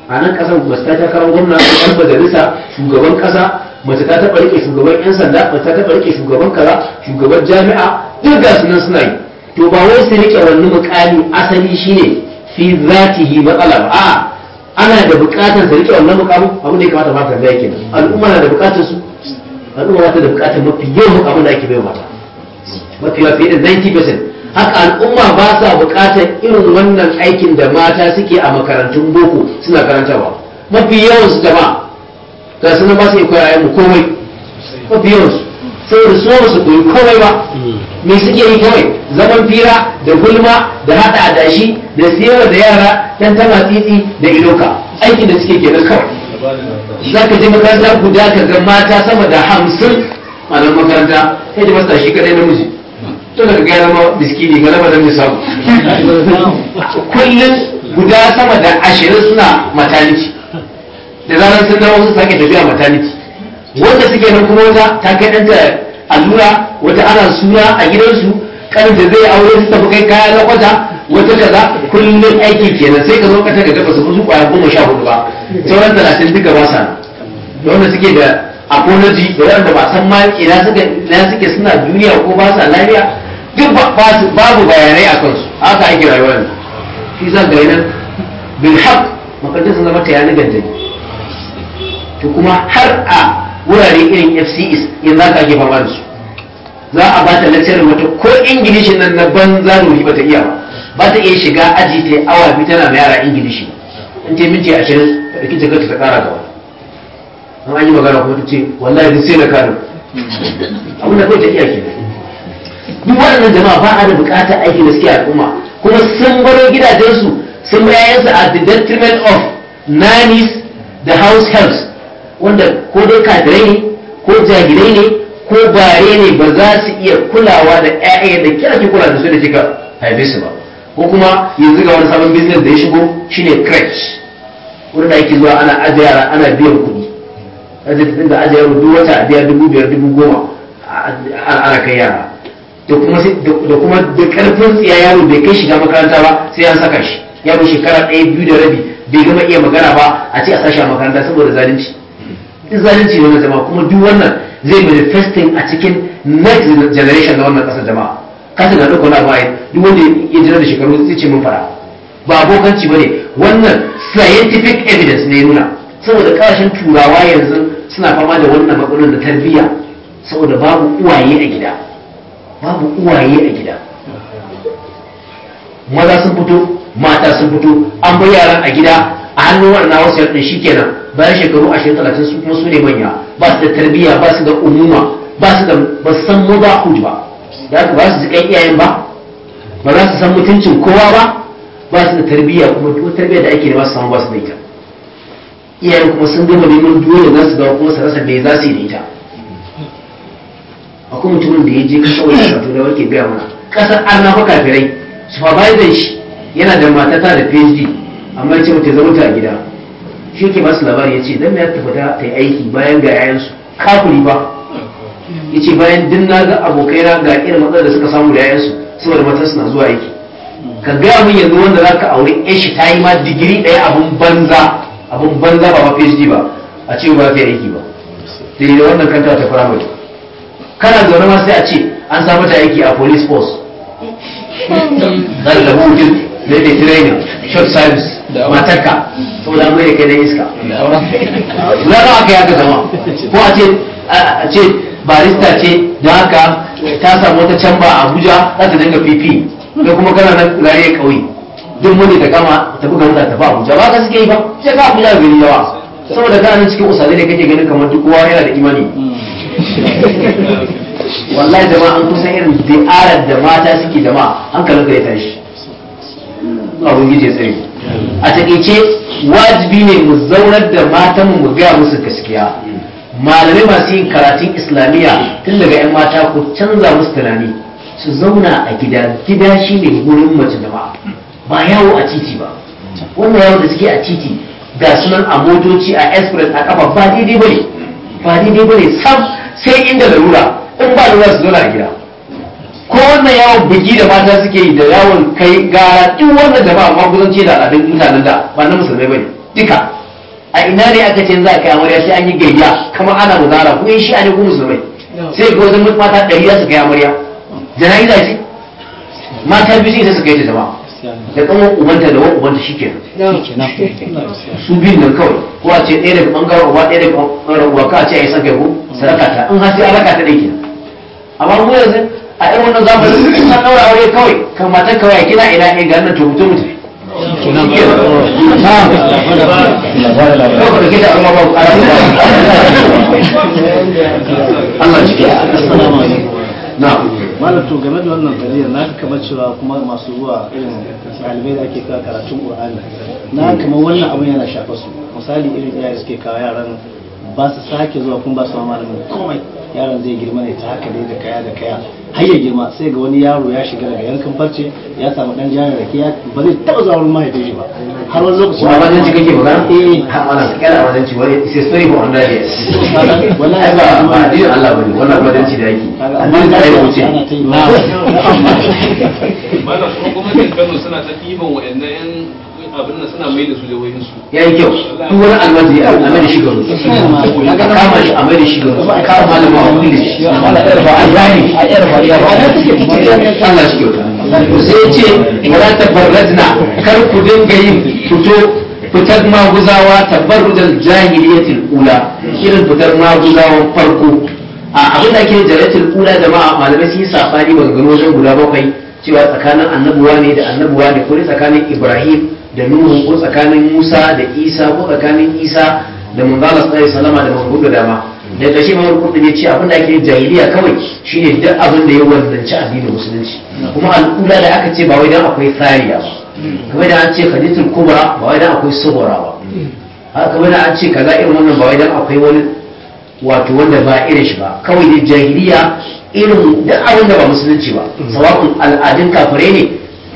a nan kasar masu ta kawo gwamna ɗan majalisa shugaban kasa mace ta taɓa rike shugaban yan sanda mace ta taɓa rike shugaban kaza shugaban jami'a duk ga su nan suna yi to ba wai su rike wani mukami asali shine fi zatihi matsala ba A ana da bukatar su rike wannan mukamin abin da ya kamata ta zai yake al'umma na da bukatar su al'umma ta da bukatar mafi yawan mukamin da ake bai mata mafi yawa fiye da 90% haka al'umma ba sa bukatar irin wannan aikin da mata suke a makarantun boko suna karantarwa mafi yawan su jama'a ga suna ba su yi koya mu komai mafi yawan su sai da so su koyi komai ba me suke yi kawai zaman fira da gulma da hada dashi, da siyar da yara dan tana tsitsi da iloka aikin da suke kenan kawai za ka je makaranta guda ka ga mata sama da hamsin a makaranta kai da masta shi kadai namiji to da gaya zama miskini ga kullum guda sama da ashirin suna mataniti da zaran sun dawo sun sake tafiya mataniti wanda suke nan kuma wata ta kai ɗanta allura wata ana suna a gidansu kan da zai aure su tafi kai kaya na kwata wata kaza kullum aiki kenan sai ka zo ka taga gaba su musu kwaya goma sha hudu ba sauran talatin duka ba sa da wanda suke da apology da wanda ba san ma ina suke suna duniya ko ba sa lafiya duk babu bayanai a kansu haka ake rayuwa yanzu shi zan ga yanar bil haq makarantar sun zama ta yanar gandani to kuma har a wurare irin fcs yanzu ka ake fama da su za a ba ta lecturer mata ko ingilishin nan na ban banza da ba ta iya ba ba ta iya shiga aji ta awa biyu tana na yara ingilishi An ce minti ashirin ta ɗauki jakarta ta ƙara gaba an an yi magana kuma ta ce wallahi duk sai na kano abin da kawai ta iya kenan duk waɗannan jama'a ba a da buƙatar aiki da suke al'umma kuma sun baro gidajensu sun su a the detriment of nannies da house helps wanda ko dai kadirai ne ko jahilai ne ko bare ne ba za su iya kulawa da 'ya'yan da kira ke kula da su da kika haife su ba ko kuma yanzu ga wani sabon business da ya shigo shine crèche wurin da ake zuwa ana ajiye yara ana biyan kuɗi Ajiye tafi da ajiye yaro duk wata a biya dubu biyar dubu goma ana kai yara da kuma da karfin tsiya yaro bai kai shiga makaranta ba sai an saka shi yaro shekara ɗaya biyu da rabi bai gama iya magana ba a ce a sashi a makaranta saboda zalunci in zalunci ne na jama'a kuma duk wannan zai manifesting a cikin next generation na wannan ƙasar jama'a kasa na ɗauka na bayan duk wanda ya jira da shekaru zai ce mun fara ba abokanci ba ne wannan scientific evidence ne nuna saboda ƙarshen turawa yanzu suna fama da wannan matsalolin da tarbiyya saboda babu uwaye a gida babu uwaye a gida maza sun fito mata sun fito an bar yaran a gida a hannun na wasu yardin shi kenan bayan shekaru ashirin talatin su kuma su ne manya ba su da tarbiyya ba su da umuma ba su da ba su san mubahuj ba ba su jikan iyayen ba ba za su san mutuncin kowa ba ba su da tarbiyya kuma duk tarbiyya da ake ba su samu ba su da ita iyayen kuma sun gama neman dole za su ga kuma su rasa me za su yi da ita akwai mutumin da ya je wani wajen da wake biya mana kasar an fa kafirai supervisor shi yana da matata da phd amma ya ce mutu zama ta gida shi ke masu labari ya ce dan ya tafata ta yi aiki bayan ga yayansu kafuri ba ya ce bayan din na ga abokaina ga irin matsalar da suka samu da yayansu saboda matar suna zuwa aiki ka gaya min yanzu wanda za ka aure yan shi ta yi ma digiri ɗaya abin banza abin banza ba ma phd ba a ce ba ta yi aiki ba da wannan kanta ta firamare kana zaune ma sai a ce an samu ta aiki a police force zai da mutum da yake training short service matarka saboda an mai kai na iska zara aka yaka zama ko a ce a ce barista ce da haka ta samu wata camba a abuja za ta dinga pp da kuma kana nan rariya kauye duk mun ta kama ta buga wuta ta ba abuja ba ka suke yi ba sai ka abuja gari yawa saboda kana nan cikin usali da kake ganin kamar duk kowa yana da imani wallahi ma an kusan irin da'arar da mata suke da an kalu ka ya tashi abun gije tsari a takaice wajibi ne mu zaunar da matan mu gaya musu gaskiya malamai masu yin karatun islamiyya tun daga 'yan mata ku canza musu tunani su zauna a gida gida shi ne wurin mace da ba yawo a titi ba wannan yawo da suke a titi ga sunan a motoci a express a kafa ba daidai bane ba daidai bane sam sai inda larura in ba larura su zauna a gida ko wannan yawon bugi da mata suke yi da yawon kai gara in wannan jama'a ma ce da al'adun mutanen da ba na musulmai bane duka a ina ne aka ce za a kai amarya sai an yi gayya kamar ana muzara ko shi ne ko musulmai sai ko wajen mata ɗari za su kai amarya jana'iza ce mata biyu sai su kai ta jama'a da kuma ubanta da wani ubanta shi kenan su biyu ne kawai ko a ce ɗaya daga ɓangaren uwa ɗaya daga ɓangaren uwa ka a ce a yi san kai ko sadaka ta in hasi alaka ta ɗaya kenan amma mu yanzu a ɗan wannan zamani sun san ɗaura aure kawai kan matan kawai kina ina ɗaya ga nan to mutum mutum Allah malam game da wannan kadiyar na ka cewa kuma masu zuwa irin ɗalibai da ake karatun ƙur'ani na kama wannan abin yana shafa su misali irin iyaye suke kawo yaran ba su sake zuwa kun ba su ma malamin komai yaron zai girma ne ta haka dai da kaya da kaya har ya girma sai ga wani yaro ya shiga daga yankan farce ya samu dan jari rake ya ba zai taba zuwa wurin mahaifin shi ba har wani lokaci ba wajen ci kake magana eh ha su sakala wajen ci wani sai story ba wanda ya wallahi ba ba din Allah bane wannan wajen ci da yake annabi sai ya wuce ba mana kuma gwamnatin Kano suna ta ɗiban wa'annan abin nan suna mai da su su yayi kyau duk wani a mai da shigar a kama shi a mai da kama malama a a a yarba ce wala kar ku dinga yin fito fitar maguzawa tabarrujan jahiliyatil ula irin fitar maguzawan farko a abin da ke jaratul ula jama'a malamai sun sabani ba gano wajen guda bakwai cewa tsakanin annabuwa ne da annabuwa ne ko tsakanin ibrahim da nuhu ko tsakanin musa da isa ko tsakanin isa da manzala tsaye salama da mahmud da dama da kashe mahmud kudin ya ce abin da ake jahiliya kawai shine duk abin da ya wanzanci addinin musulunci kuma al'ula da aka ce ba wai dan akwai tsariya ba kamar da an ce khaditul kubra ba wai dan akwai subura ba haka kamar da an ce kaza irin wannan ba wai dan akwai wani wato wanda ba irin shi ba kawai da jahiliya irin duk abin da ba musulunci ba sawa'un al'adun kafare ne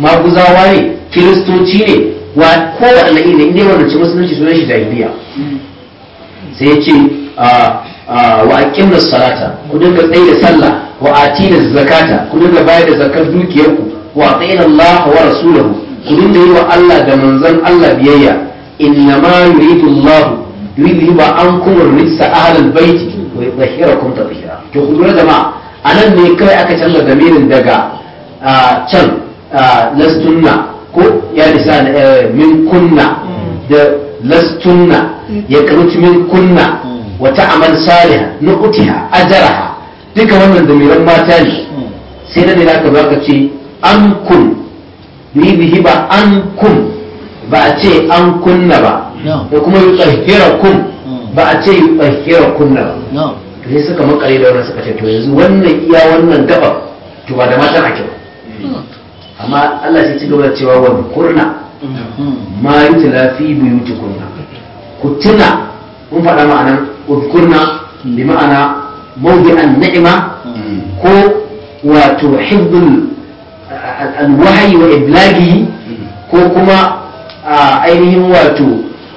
maguzawa ne kiristoci ne wa kowane iri ne inda yawan ce musulunci sunan shi jahiliya sai ya ce wa aqimna salata ku dinga tsaye da sallah wa atina zakata ku dinga bayar da zakar dukiyarku wa atina Allah wa rasulahu ku dinga yi wa Allah da manzon Allah biyayya innama yuridu Allah yuzhiba ankum ar-rijsa ahla al-bayt wa ta tadhhira to ku jama'a nan ne kai aka canza damirin daga can lastunna ko ya nisa eh, min kunna mm. da lastunna mm. ya karuci min kunna mm. wata amal saliha na utiha ajaraha duka wannan da miran mata ne sai na ne ka baka ce an kun ni bihi ba an kun ba a ce an kunna ba da kuma yi tsahira kun ba a ce yi tsahira kunna ba sai suka makare da wannan suka ce to yanzu wannan iya wannan gaba to ba da matan ake ba amma Allah sai ci gaba da cewa wa kurna ma yutla fi kurna. ku tuna mun faɗa ma'anar kurna bi ma'ana mawdi'an na'ima ko wato hibdul alwahyi wa iblagi ko kuma ainihin wato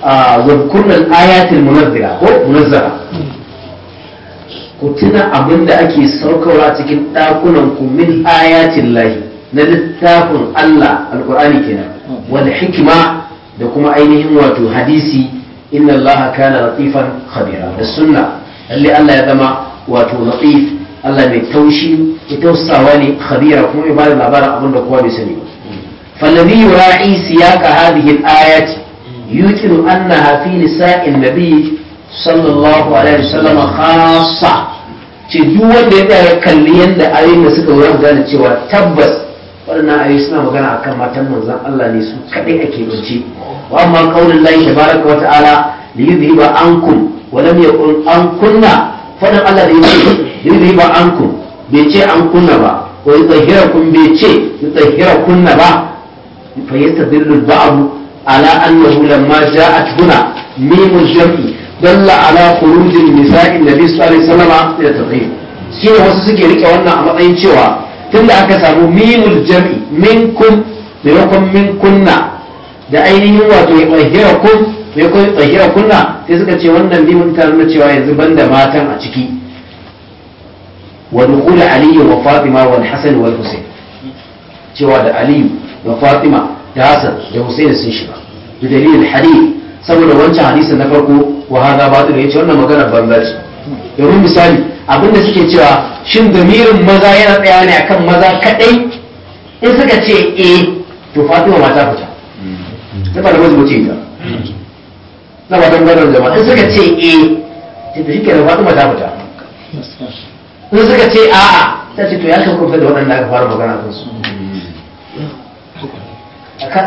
wadkurna al-ayatil munazzara ko munazzara ku tuna abinda ake saukawa cikin dakunan ku min ayatin lahi na littafin Allah alkur'ani kenan wal hikima da kuma ainihin wato hadisi inna Allah kana latifan khabira da sunna lalle Allah ya zama wato latif Allah mai taushi ya tausawa ne khabira kuma ya bada labarin abin da kowa bai sani ba fallabi yura'i siyaka hadhihi al-ayat yuqiru annaha fi lisa'in nabiy sallallahu alaihi wasallam khassa ce duk wanda ya kalli yadda ayoyin da suka wurin gane cewa tabbas waɗannan ayi suna magana akan matan manzan, Allah ne su kadai ake bace. wa amma qaulul lahi tabaraka wa ta'ala da yi li yudhiba ankum wa lam an kunna fadan Allah da yi ba an ankum bai ce an kunna ba wa kun bai ce kunna ba fa yastadillu ba'du ala annahu lamma ja'at huna mimul jam'i dalla ala khurujin nisa'in nabi sallallahu alaihi wasallam da tafsir shi wasu suke rike wannan a matsayin cewa tunda aka samu mimul jam'i minkum maimakon min kunna da ainihin wato ya tsahira kun maimakon tsahira kunna sai suka ce wannan mimun ta nuna cewa yanzu banda matan a ciki wa dukul aliyu wa fatima wal hasan wal husain cewa da aliyu da fatima da hasan da husain sun shiga da dalilin hadith saboda wancan hadisin na farko wa hada da yace wannan magana banza ce domin misali abinda suke cewa shin domirin maza yana tsaya ne akan maza kadai in suka ce eh to fatima mata fita mm. ta fara wasu mace ita na matan gwanon jama'a in suka ce eh ta fi shike da fatima ta fita in suka ce A, ta ce to ya kan kurfa da waɗanda aka fara magana kan su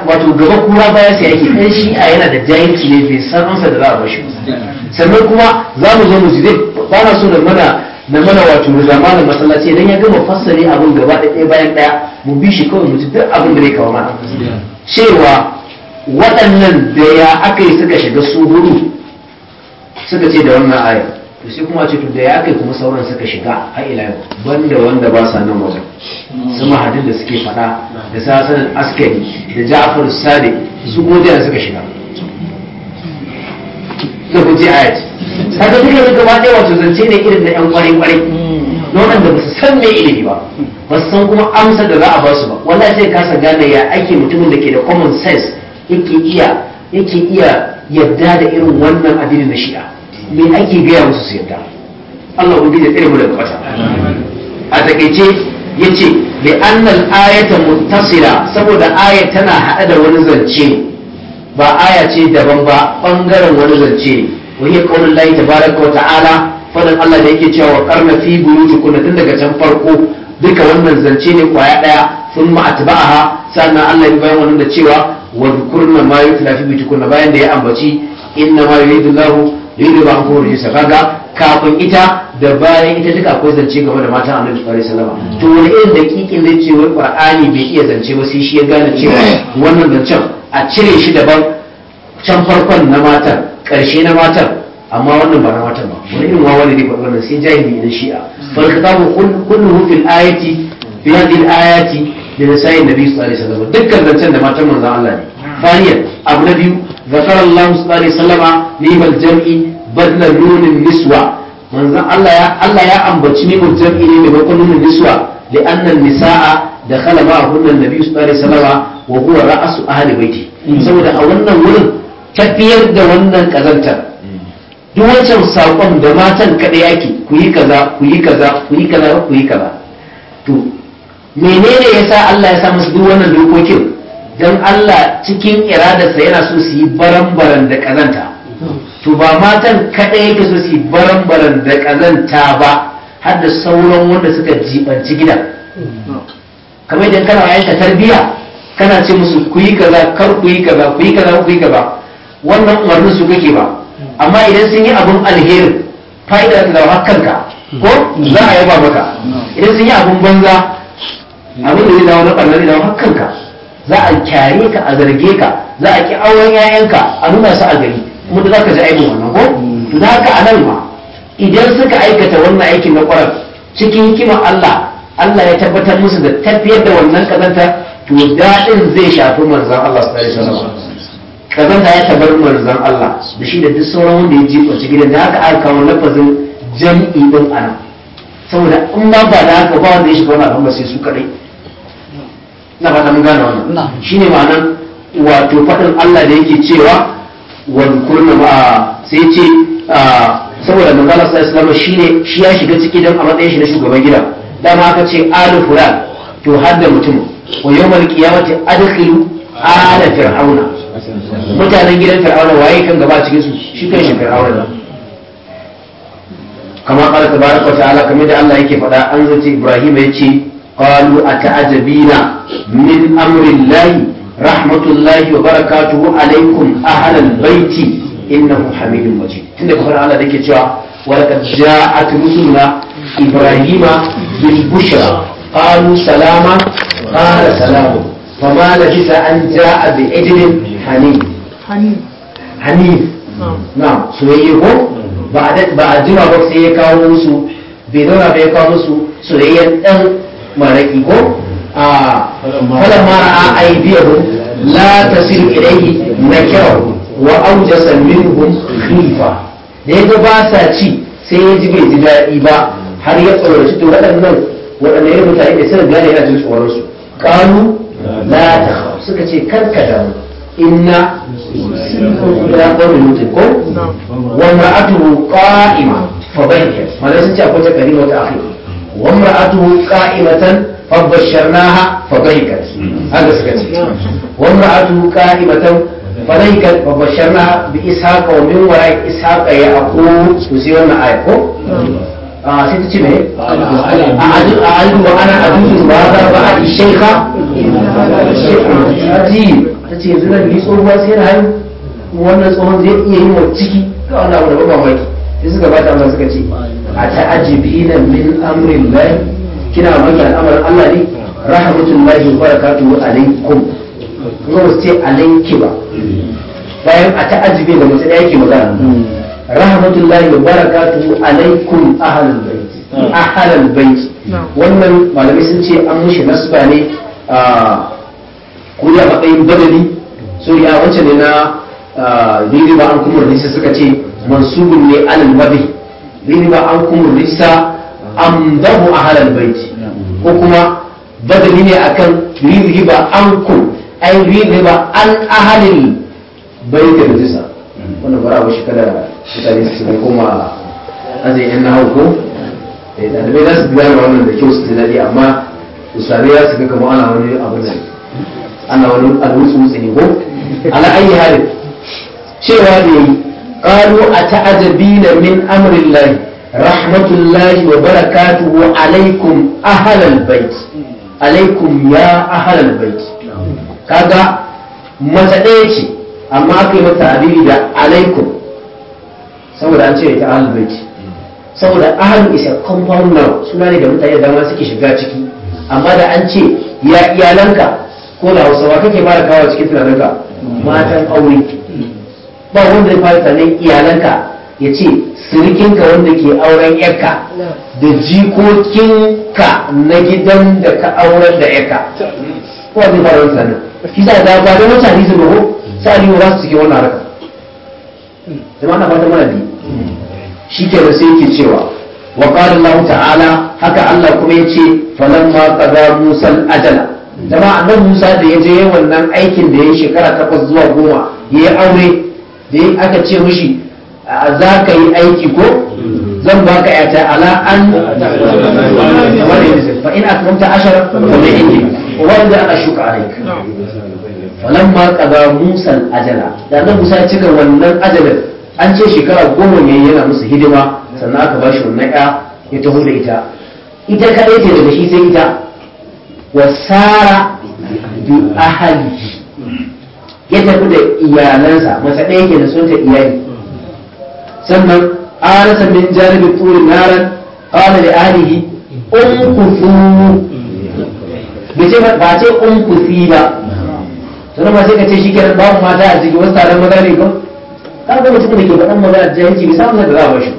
wato gaba kura baya sai yake ɗan a yana da jahilci ne bai san amsa da za a bashi mm. sannan kuma za mu zo mu zide ba na so da mana da mana wato zamanin masallaci idan ya gama fassare abin gaba da ɗaya bayan ɗaya mu bi shi kawai mutum duk abin da ya kawo mana cewa waɗannan da ya aka yi suka shiga su hudu suka ce da wannan ayar to sai kuma ce to da ya aka yi kuma sauran suka shiga har ila yau banda wanda ba sa nan wajen su mahadin da suke faɗa da sasanin askari da ja'far sadiq su kuma suka shiga da kuce ayati kaga duk da gaba wato zance ne irin na yan kwarai kwarai mm. nonon da su san mai ilimi ba ba su san kuma amsa da za a basu ba wallahi sai kasa gane ya ake mutumin da ke da common sense yake iya yake iya yadda da irin wannan addinin na shi'a me ake gaya musu su yadda Allah ubi da tsere mu daga kwata a takaice yace bi annal ayata muttasila saboda aya tana haɗa da wani zance ba aya ce daban ba ɓangaren wani zance ne وهي قول الله تبارك وتعالى فضل Allah da yake cewa karna fi buyutikum tun daga can farko duka wannan zance ne kwaya daya sun atba'aha sannan Allah ya bayan wannan da cewa wa dhkurna ma yutla fi buyutikum bayan da ya ambaci inna ma yuridullahu yuridu ba ko rijisa kafin ita da bayan ita duka akwai zance game da matan Annabi sallallahu alaihi wasallam to wani irin dakikin zai ce wai bai iya zance ba sai shi ya gane cewa wannan zancen a cire shi daban can farkon na matar, ƙarshe na matar, amma wannan ba na matar ba wani irin wawa ne ba wannan sai jahili na shi'a fa kitabu kulluhu fil ayati fi hadhihi ayati da nasayin nabi sallallahu alaihi wasallam dukkan zancen da matan manzon Allah ne faniyan abu na biyu zakara Allah sallallahu alaihi wasallama nimal jam'i badla nunin niswa manzon Allah ya Allah ya ambaci nimal jam'i ne maimakon nunin niswa لأن النساء دخل معهن النبي صلى الله عليه wa وهو رأس أهل بيته saboda a wannan wurin tafiyar da wannan kazantar duk wancan saƙon da matan kaɗai yake ku yi kaza ku yi kaza ku yi kaza ku yi kaza to menene yasa Allah ya sa musu duk wannan dokokin dan Allah cikin iradarsa yana so su yi baran-baran da kazanta to ba matan kaɗai yake so su yi baran-baran da kazanta ba har da sauran wanda suka jibanci gida kamar idan kana yayin ta tarbiya kana ce musu ku yi kaza kar ku yi kaza ku yi kaza ku yi kaza wannan umarnin su kake ba amma idan sun yi abin alheri fa'ida da lawa ko za a yaba maka idan sun yi abin banza abin da zai dawo na ɓarnar da lawa za a kyare ka a zarge ka za a ki auren 'ya'yanka a nuna su a gari kuma da za ka ji aibin wannan ko to da haka a nan ma idan suka aikata wannan aikin na ƙwarar cikin hikimar Allah Allah ya tabbatar musu da tafiyar da wannan kazanta to daɗin zai shafi manzan Allah ta yi sanarwa kazanta ya tabar manzon Allah da shi da duk sauran wanda ya jibanci gidan da haka aka kawo lafazin jam'i din ana saboda in ba ba da haka ba wanda ya shiga wani abin ba sai su kadai na fata mun gane wannan shine ma'anar wato faɗin Allah da yake cewa wal kurna ba sai ce saboda manzon Allah sallallahu alaihi shine shi ya shiga ciki dan a matsayin shi na shugaban gida dama aka ce alu fulan to har da mutum wa yawmal qiyamati adkhilu ala fir'auna mutanen gidan fir'auna waye kan gaba cikin su shi kan shi fir'auna kama qala tabaraka wa ta'ala kamar da Allah yake faɗa an zo ce Ibrahim a qalu ata'ajabina min amrillahi rahmatullahi wa barakatuhu alaikum ahlal baiti innahu hamidun majid tunda kafar Allah da ke cewa wa laqad ja'at rusuluna ibrahima bil bushra qalu salama qala salamu fama labisa an ja'a bi ajlin hanif hani na soyayye ko ba a jima ba sai ya kawo musu bai zauna ba ya kawo musu soyayyen ɗan maraki ko a falamma a aibiyahun la tasiru na kyau wa aujasa minhum khifa da ya ga ba sa ci sai ya ji bai ji daɗi ba har ya tsoraci to waɗannan waɗanne irin mutane da sun gane yana jin tsoronsu kalu la ta suka ce ka damu إنا إلى قول لوط وامرأته قائمة فبينت ما ليس تأكل تكريم وتأخير وامرأته قائمة فبشرناها فضيقت هذا سكتي وامرأته قائمة فضيقت فبشرناها بإسحاق ومن وراء إسحاق يعقوب وسيونا آيكو آه ستتي مين؟ أعجب وأنا أجوز ماذا بعد الشيخة؟ عجيب ta ce yanzu nan ni tsohuwa sai na hannu wannan tsohon zai iya yi wa ciki ga wani abu da ba mamaki sai suka ba ta suka ce a ta'ajibina min amrin layi. kina maki al'amarin Allah ne rahmatullahi wa barakatuhu alaikum kuma su ce alaiki ba bayan a ajibi da mutum yake magana rahmatullahi wa barakatuhu alaikum ahlul bait hmm. ahalin bai. Hmm. wannan malamai sun ce an mushi nasba ne ah, ko da matsayin badali so ya wacce ne na riba ah, an kuma nisa suka ce mansubun ne alal mabi riba an kuma nisa amdahu a halar baiti ko kuma badali ne akan riba an kun ai riba an ahalin baiti da nisa wannan bara wa shi kada mutane su bai koma azai yan na hauko ɗalibai eh, za su biya wannan da kyau su ji amma usare ya su kama ana wani abin da ana wani alwusu ne ko ala ayi hali cewa da yi qalu ata'ajabina min amrillahi rahmatullahi wa barakatuhu alaikum ahlal bait alaikum ya ahlal bait kaga mata ɗaya ce amma aka yi mata abiri da alaikum saboda an ce ta ahlal bait saboda ahalu is a compound noun suna ne da mutane da dama suke shiga ciki amma da an ce ya iyalanka ko da ba kake fara kawo cikin tunaninka matan aure ba wanda ya fara tunanin iyalanka ya ce sirikinka wanda ke auren yarka da jikokinka na gidan da ka auren da yarka kowa zai fara wani tunanin sa da ba da wata hadisin ba ko sa aliyu ba su cikin wannan harka zama na fata mana biyu shi ke da sai ke cewa wa qala Allah ta'ala haka Allah kuma ya ce falamma qada Musa musan ajala jama'a nan musa da ya je wannan aikin da ya yi shekara takwas zuwa goma ya yi aure da ya aka ce mishi za ka yi aiki ko zan ba ka yata ala an fa in akramta ashara ko min indi wanda aka shuka alaik falan ma kaza musa ajala da nan musa ya cika wannan ajalin an ce shekara goma ne yana musu hidima sannan aka ba shi wannan ya ya hudu ita ita kare ce daga shi sai ita wasara bi ya tafi da iyalansa masa ɗaya ke da sunta iyali sannan arasa min janibi turi naran qala li ahlihi umkusu bace ba ce ba sannan ba ka ce shikenan babu mata a ciki wasu taron maza ne ba ka ga mutum da ke faɗan maza a jahilci bai samu da za a bashi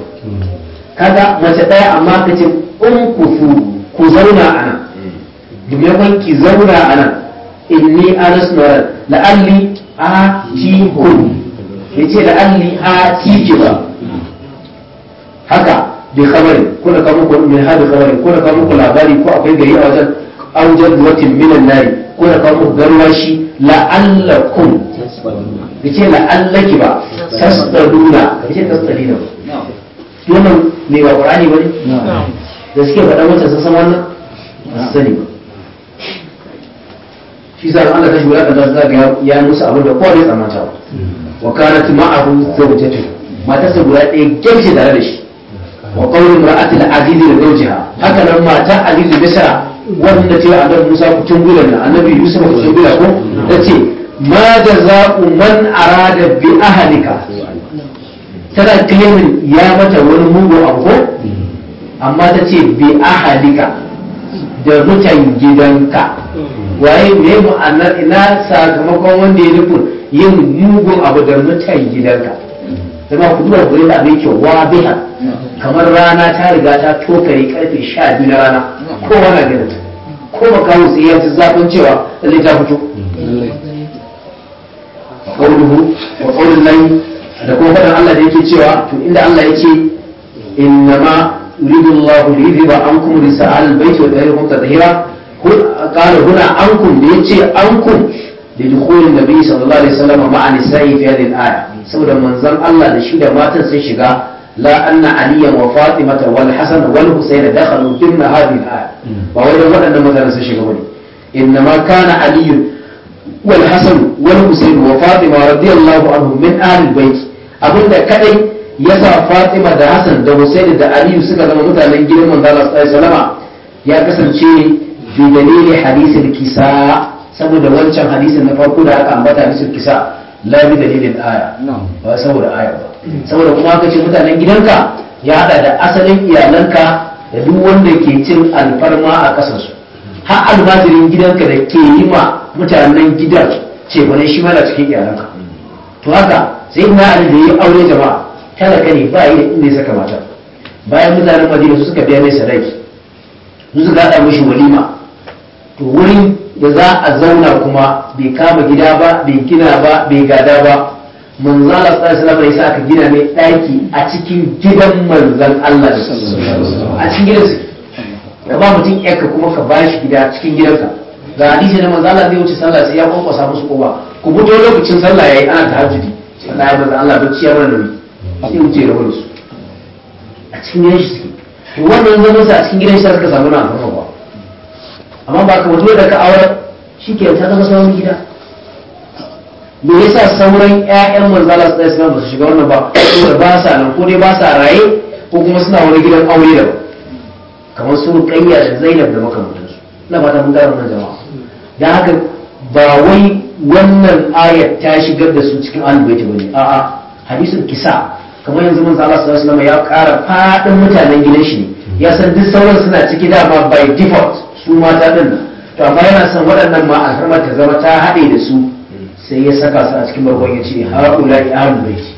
kaga mace ɗaya amma ka ce umkusu ku zauna a nan maimakon ki zauna a nan in ni inni anas naran la'alli a atihun ya ce la'alli atiki ba haka bai kamarin ko da kamar ko mai hada kamarin ko da kamar ku labari ko akwai gari a wajen an jadwatin minan nari ko da kamar garwashi la'allakum ya ce la'allaki ba tasdaluna ya ce tasdalina ba wannan mai ba qur'ani bane da suke faɗa mutane sun san wannan sani ba shi sa Allah ta shugaba kan zasu ga ya musu abin da kowa bai tsammanta ba wa kanat ma'ahu zawjatu matarsa guda ɗaya gamshi tare da shi wa qawlu imra'ati al-aziz li zawjiha haka nan mata aziz bisa wanda ce annabi Musa ku tungulan nan annabi Yusuf ku tungula ko tace ma ku man arada bi ahlika tana kilimin ya mata wani mugu ko amma ta ce bi ahalika da mutan gidanka waye me ma'anar ina sakamakon wanda ya nufin yin mugun abu da mutan gidanka zama ku duba gure da abin kyau wa kamar rana ta riga ta tokare karfe sha biyu na rana ko wani gidan ko ba sai ya ta zafin cewa lalle ta fito qawluhu wa qawlul lahi da kuma fadan Allah da yake cewa to inda Allah yake innama yuridu Allahu liyudhiba ankum risaal baiti wa tahirakum tadhira قال هنا أنكم بيتي أنكم لدخول النبي صلى الله عليه وسلم مع نسائه في هذه الآية سورة منزل الله لشيد ما تنسي شقا لا أن علي وفاطمة والحسن والحسين دخلوا ضمن هذه الآية وأولا وأن ما تنسي شقا إنما كان علي والحسن والحسين وفاطمة رضي الله عنهم من أهل البيت أبدا كدي yasa Fatima da Hassan da Hussein da Aliyu suka zama mutanen gidan manzo Allah sallallahu alaihi wasallama ya kasance fi dalili hadisin kisa saboda wancan hadisin na farko da aka ambata hadisin kisa la bi dalilin aya ba saboda aya ba saboda kuma ka ce mutanen gidanka ya hada da asalin iyalanka da duk wanda ke cin alfarma a kasar su har almajirin gidanka da ke yi ma mutanen gidan ce bane shi mana cikin iyalanka to haka sai ina ali da yi aure jama'a talaka ne ba yi da inda saka mata bayan mutanen madina su suka biya mai sadaki su suka hada mishi walima to wurin da za a zauna kuma bai kama gida ba bai gina ba bai gada ba manzon Allah sallallahu alaihi wasallam yasa aka gina mai daki a cikin gidan manzan Allah a cikin gidan su. da ba mutum yarka kuma ka bashi gida cikin gidanka. Da hadisi na manzon Allah zai wuce sallah sai ya kwankwasa musu kowa ku fito lokacin sallah yayi ana tahajjudi Allah ya manzon Allah bacci ya mana sai wuce da wani su a cikin gidan shi wannan zaman sa a cikin gidan shi suka samu na amma ba ka wato da ka auren shi ke ta zama sauran gida me yasa sauran 'ya'yan manzala su tsaye ba su shiga wannan ba saboda ba sa nan ko dai ba sa raye ko kuma suna wani gidan aure da kamar su kayya da zainab da makamantansu ina ba ta mun gara wannan jama'a dan haka ba wai wannan ayat ta shigar da su cikin albaiti bane a'a hadisin kisa kamar yanzu manzo Allah sallallahu alaihi ya kara fadin mutanen gidan shi ya san duk sauran suna ciki dama by default su mata din nan to amma yana son waɗannan ma a karmar ta zama ta haɗe da su sai ya saka su a cikin barkon ya ce haƙula ya ahlul baiti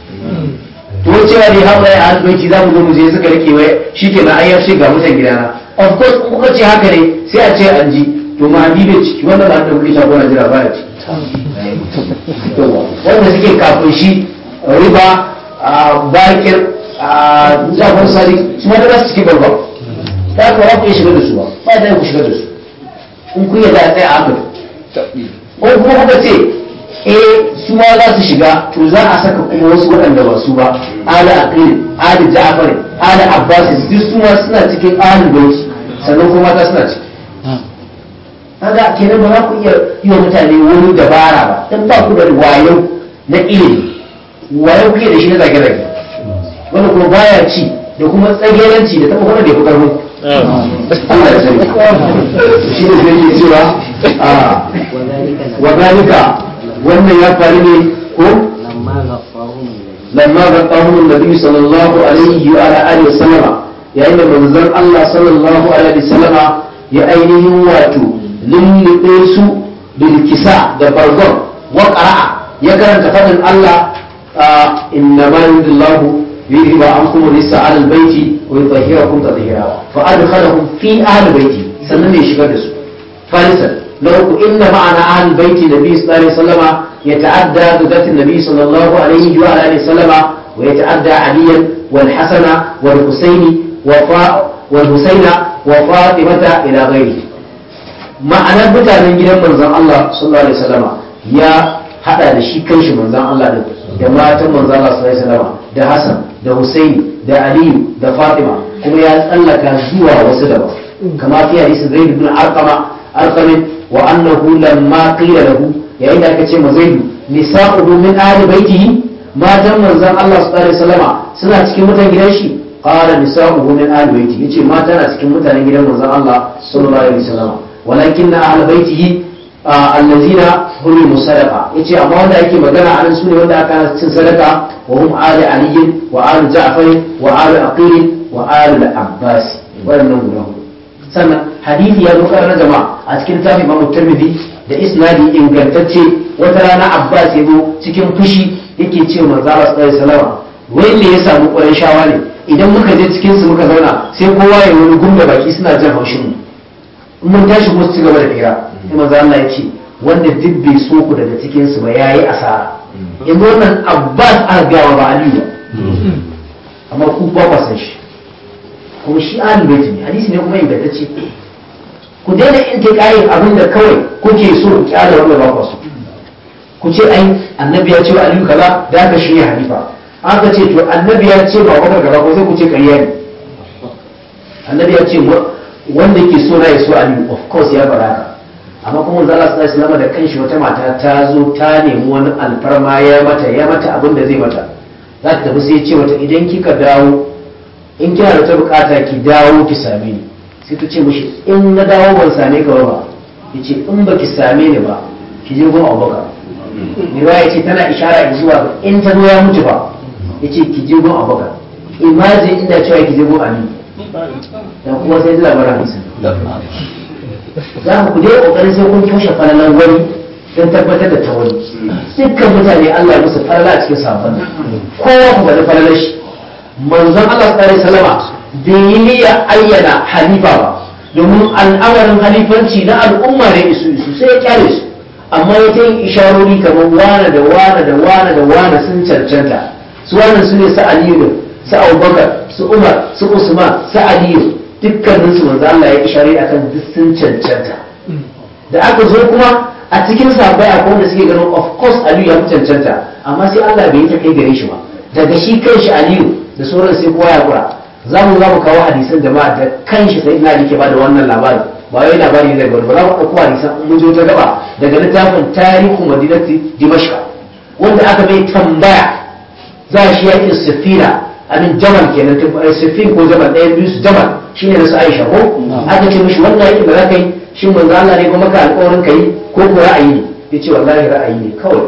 to cewa ne haƙula ya ahlul baiti za mu zo mu je suka rike wai ke na ayyar shi ga mutan gidana of course kuka ce haka ne sai a ce an ji to ma bi bai ciki wannan ba da kuke ta gona jira ba ya ci wanda suke kafin shi riba bakir zafin sadi su ma da su ciki barkon za ku rafi shiga da su ba ba da ku shiga da su in ku yi da sai a amur ko kuma kuka ce eh su ma za su shiga to za a saka kuma wasu waɗanda ba su ba ala aqil ala ja'far ala abbas duk su ma suna cikin ahlul bait sannan kuma ta suna ciki kaga kenan ba za ku iya yi wa mutane wani dabara ba dan ba ku da wayo na ilimi wayo kuke da shi na zage-zage wanda kuma baya ci da kuma tsageranci da taɓa wanda da ya fi ƙarfin Allah ya sani shi ne zai yi cewa a wadalika wannan ya faru ne ko lamma ga da nabi sallallahu alaihi wa alihi wasallama yayin da manzon Allah sallallahu alaihi sallama ya ainihin wato lullube su bilkisa da bargon Waƙara ya karanta fadin Allah ah, inna ma yudillahu an ankum risa al baiti wa yutahhirukum tadhhira fa adkhalahum fi ahli baiti sannan ne shigar da su falisan na uku inna ma'ana ahli baiti nabi sallallahu alaihi wasallama yata'adda dudatin nabi sallallahu alaihi wa alihi wasallama wa yata'adda aliyan wal hasana wal husaini wa fa wal husaina wa fatimata ila ghairi ma'anar mutanen gidan manzon Allah sallallahu alaihi wasallama ya hada da shi kanshi manzon Allah din da matan manzon Allah sallallahu alaihi wasallama da Hassan da Husaini da aliyu da fatima kuma ya tsallaka zuwa wasu daban kama fi hadisi zaidu bin arqama arqamin wa annahu lamma qila lahu yayin da aka ce ma zaidu nisa'u min ahli baitihi matan manzon Allah sallallahu alaihi wasallama suna cikin mutan gidan shi qala nisa'u min ahli baitihi yace mata na cikin mutanen gidan manzon Allah sallallahu alaihi wasallama walakin ahli baitihi allazina hum musaddaqa yace amma wanda ake magana anan sune wanda aka cin sadaka wa hum ali aliyin وآل جعفر وآل عقيل وآل Abbas. wannan guda ku. sannan hadisi ya zo na jama'a a cikin tafi a tirmidhi da isnadi ingantacce wata rana abbas ya zo cikin fushi yake ce manzo Allah sallallahu alaihi salama. wai me ya samu ƙwarin shawa ne idan muka je cikin su muka zauna sai kowa ya wani gumda baki suna jin haushin mu in mun tashi mu ci gaba da fira sai na Allah wanda duk bai so ku daga cikin su ba yayi asara mm. yanzu wannan abbas a gawa ba aliyu Hmm. amma ku ba ku san shi kuma shi ahlul bai ne hadisi ne kuma tace ku daina in kai kai abin da kawai kuke so ku kyale wanda ba ku so ku ce ai annabi ya ce wa aliyu kaza da aka shirya hanifa aka ce to annabi ya ce ba wata kaza ko sai ku ce ƙarya ne annabi ya ce wanda ke so na ya so aliyu of course ya baraka amma kuma manzo Allah sallallahu alaihi wasallam da kanshi wata mata ta zo ta nemi wani alfarma ya mata ya mata abin da zai mata za ta tafi sai ce wata idan kika dawo in kina da ta bukata ki dawo ki same ni sai ta ce mishi in na dawo ban same ka ba ya ce in ba ki same ni ba ki je gun abubakar riwaya ce tana ishara zuwa in ta zo ya mutu ba ya ce ki je gun abubakar imajin inda cewa ki je gun ami da kuma sai zai labarin sun za ku dai kokarin sai kun kyoshe falalan wani sai tabbatar da tawali hmm. dukkan mutane Allah ya musu farla a cikin safan kowa ku bari farlar shi manzon Allah sallallahu salama bai yi niyya ayyana halifa ba domin al'amarin halifanci na al'umma ne isu isu sai ya kyale su amma ya ta isharori kamar wane da wane da wane da wane sun cancanta su wannan su ne su Aliyu su Abubakar su Umar su Usman su Aliyu dukkaninsu manzo Allah ya ishari akan duk sun cancanta hmm. da aka zo kuma a cikin sahabbai akwai wanda suke ganin of course aliyu ya fi cancanta amma sai allah bai yi ta kai gare shi ba daga shi kanshi aliyu da sauran sai kowa ya kura za mu za mu kawo hadisan da da kanshi sai ina yake ba da wannan labari ba wai labari ne ba za mu ɗauko hadisan mun ta gaba daga littafin tarihu madinati dimashqa wanda aka bai tambaya za shi yakin safira amin jamal kenan safin ko jamal ɗaya biyu su jamal shine na su aisha ko mm. aka ce mishi wannan yakin da za ka yi shin manzo Allah ne kuma ka alƙawarin kai ko ko ra'ayi ne yace wallahi ra'ayi ne kawai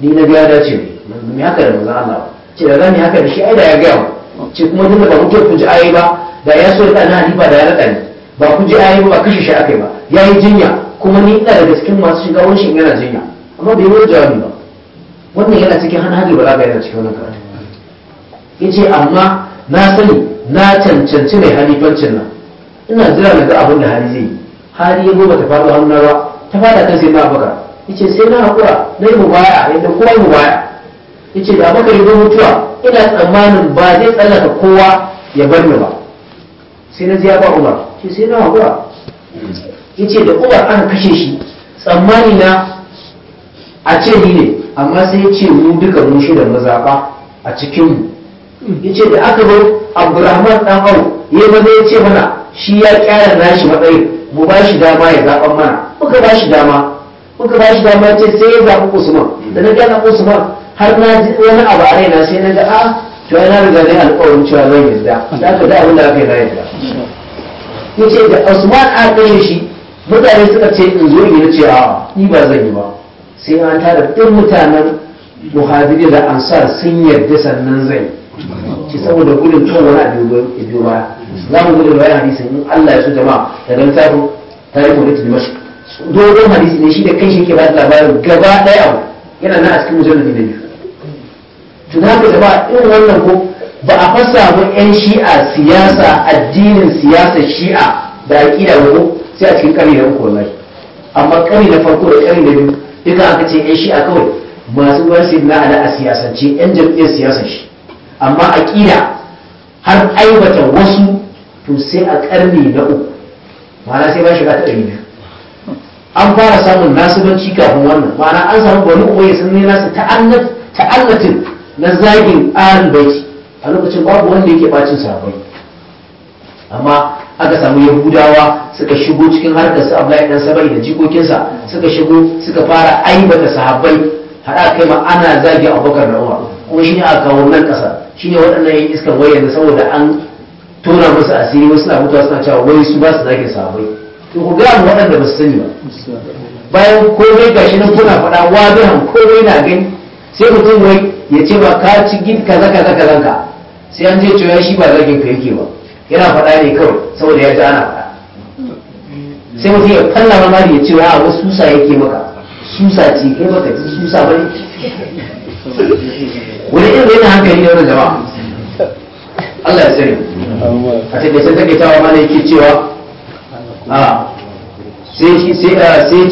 ni na biya dace ne me haka da manzo Allah ce da zan haka da shi ai da ya ga ce kuma tunda ba mutum kuje ayi ba da ya so da na halifa da ya rada ni ba kuje ayi ba kashe shi akai ba yayi jinya kuma ni ina daga cikin masu shiga wurin yana jinya amma bai yi jawabi ba wannan yana cikin hana hajji balaga yana cikin wannan karatu ce amma na sani na cancanci mai halifancin nan ina jira na ga abin da hali zai yi hali ya ba ta faɗo hannun ruwa, ta fada kan sai na baka yace sai na haƙura na yi mubaya yadda kowa yi mubaya yace da abubakar yi mutuwa ina tsammanin ba zai tsallaka kowa ya bar ni ba sai na ziya ba umar ce sai na haƙura yace da umar an kashe shi tsammani na a ce ni ne amma sai ya ce mu duka mun shi da mazaɓa a cikinmu yace da aka bar abdurrahman ɗan au ya maza ya ce mana shi ya kyara nashi matsayin mu ba shi dama ya zaɓa mana muka ba shi dama muka ba shi dama ce sai ya zaɓi usman da na gana usman har na ji wani abu a raina sai na ga a ah, to yana riga ne alƙawarin cewa zai yarda da aka da abin da aka yi na yarda ya ce da usman a ɗaya shi mutane suka ce in zo ne ce a ah, ni ba zan yi ba sai an tara ɗin mutanen muhajiri da ansar sun yarda sannan zai shi saboda gudun kan wani abu ya biyo baya za mu gudun bayan hadisin in Allah ya so jama'a daga littafin tarihi wani tuni mashi dogon hadisi ne shi da kai shi ke ba da labarin gaba ɗaya abu yana nan a cikin mujallar da biyu tun haka jama'a in wannan ko ba a fasa mu yan shi'a siyasa addinin siyasa shi'a da aƙida ba ko sai a cikin ƙari na uku wallahi amma ƙari na farko da ƙari na biyu duka aka ce yan shi'a kawai masu ruwan na ala a siyasance yan jam'iyyar siyasar shi amma aƙida har aibata wasu to sai a ƙarni na uku ma'ana sai ba shiga ta ɗari biyu an fara samun nasibanci kafin wannan ma'ana an samu bani umayya sun ne nasu ta'allatin na zagin ƙarin baiti a lokacin babu wanda yake bacin sahabbai amma aka samu yahudawa suka shigo cikin harkar su abdullahi dan sabai da jikokinsa suka shigo suka fara aibata sahabbai Haɗa kai ma ana zagi abubakar da umar kuma shine aka kawo nan kasa shine waɗannan yin iskan wai saboda an tona musu asiri wasu na mutuwa suna cewa wai su ba su zagin sabai to ku ga mu waɗanda ba su sani ba bayan komai gashi nan kuna faɗa biyan komai na gani sai mutum wai ya ce ba ka ci gid kaza kaza kaza ka sai an je cewa shi ba zagin ka yake ba yana faɗa ne kawai saboda ya ji ana faɗa sai mutum ya falla bari ya ce wa wasu susa yake maka susa ce kai baka ji susa ba ne wani irin yana hankali ne wani jama'a Allah ya sani a take taƙaitawa ma yake cewa ah, ah, sai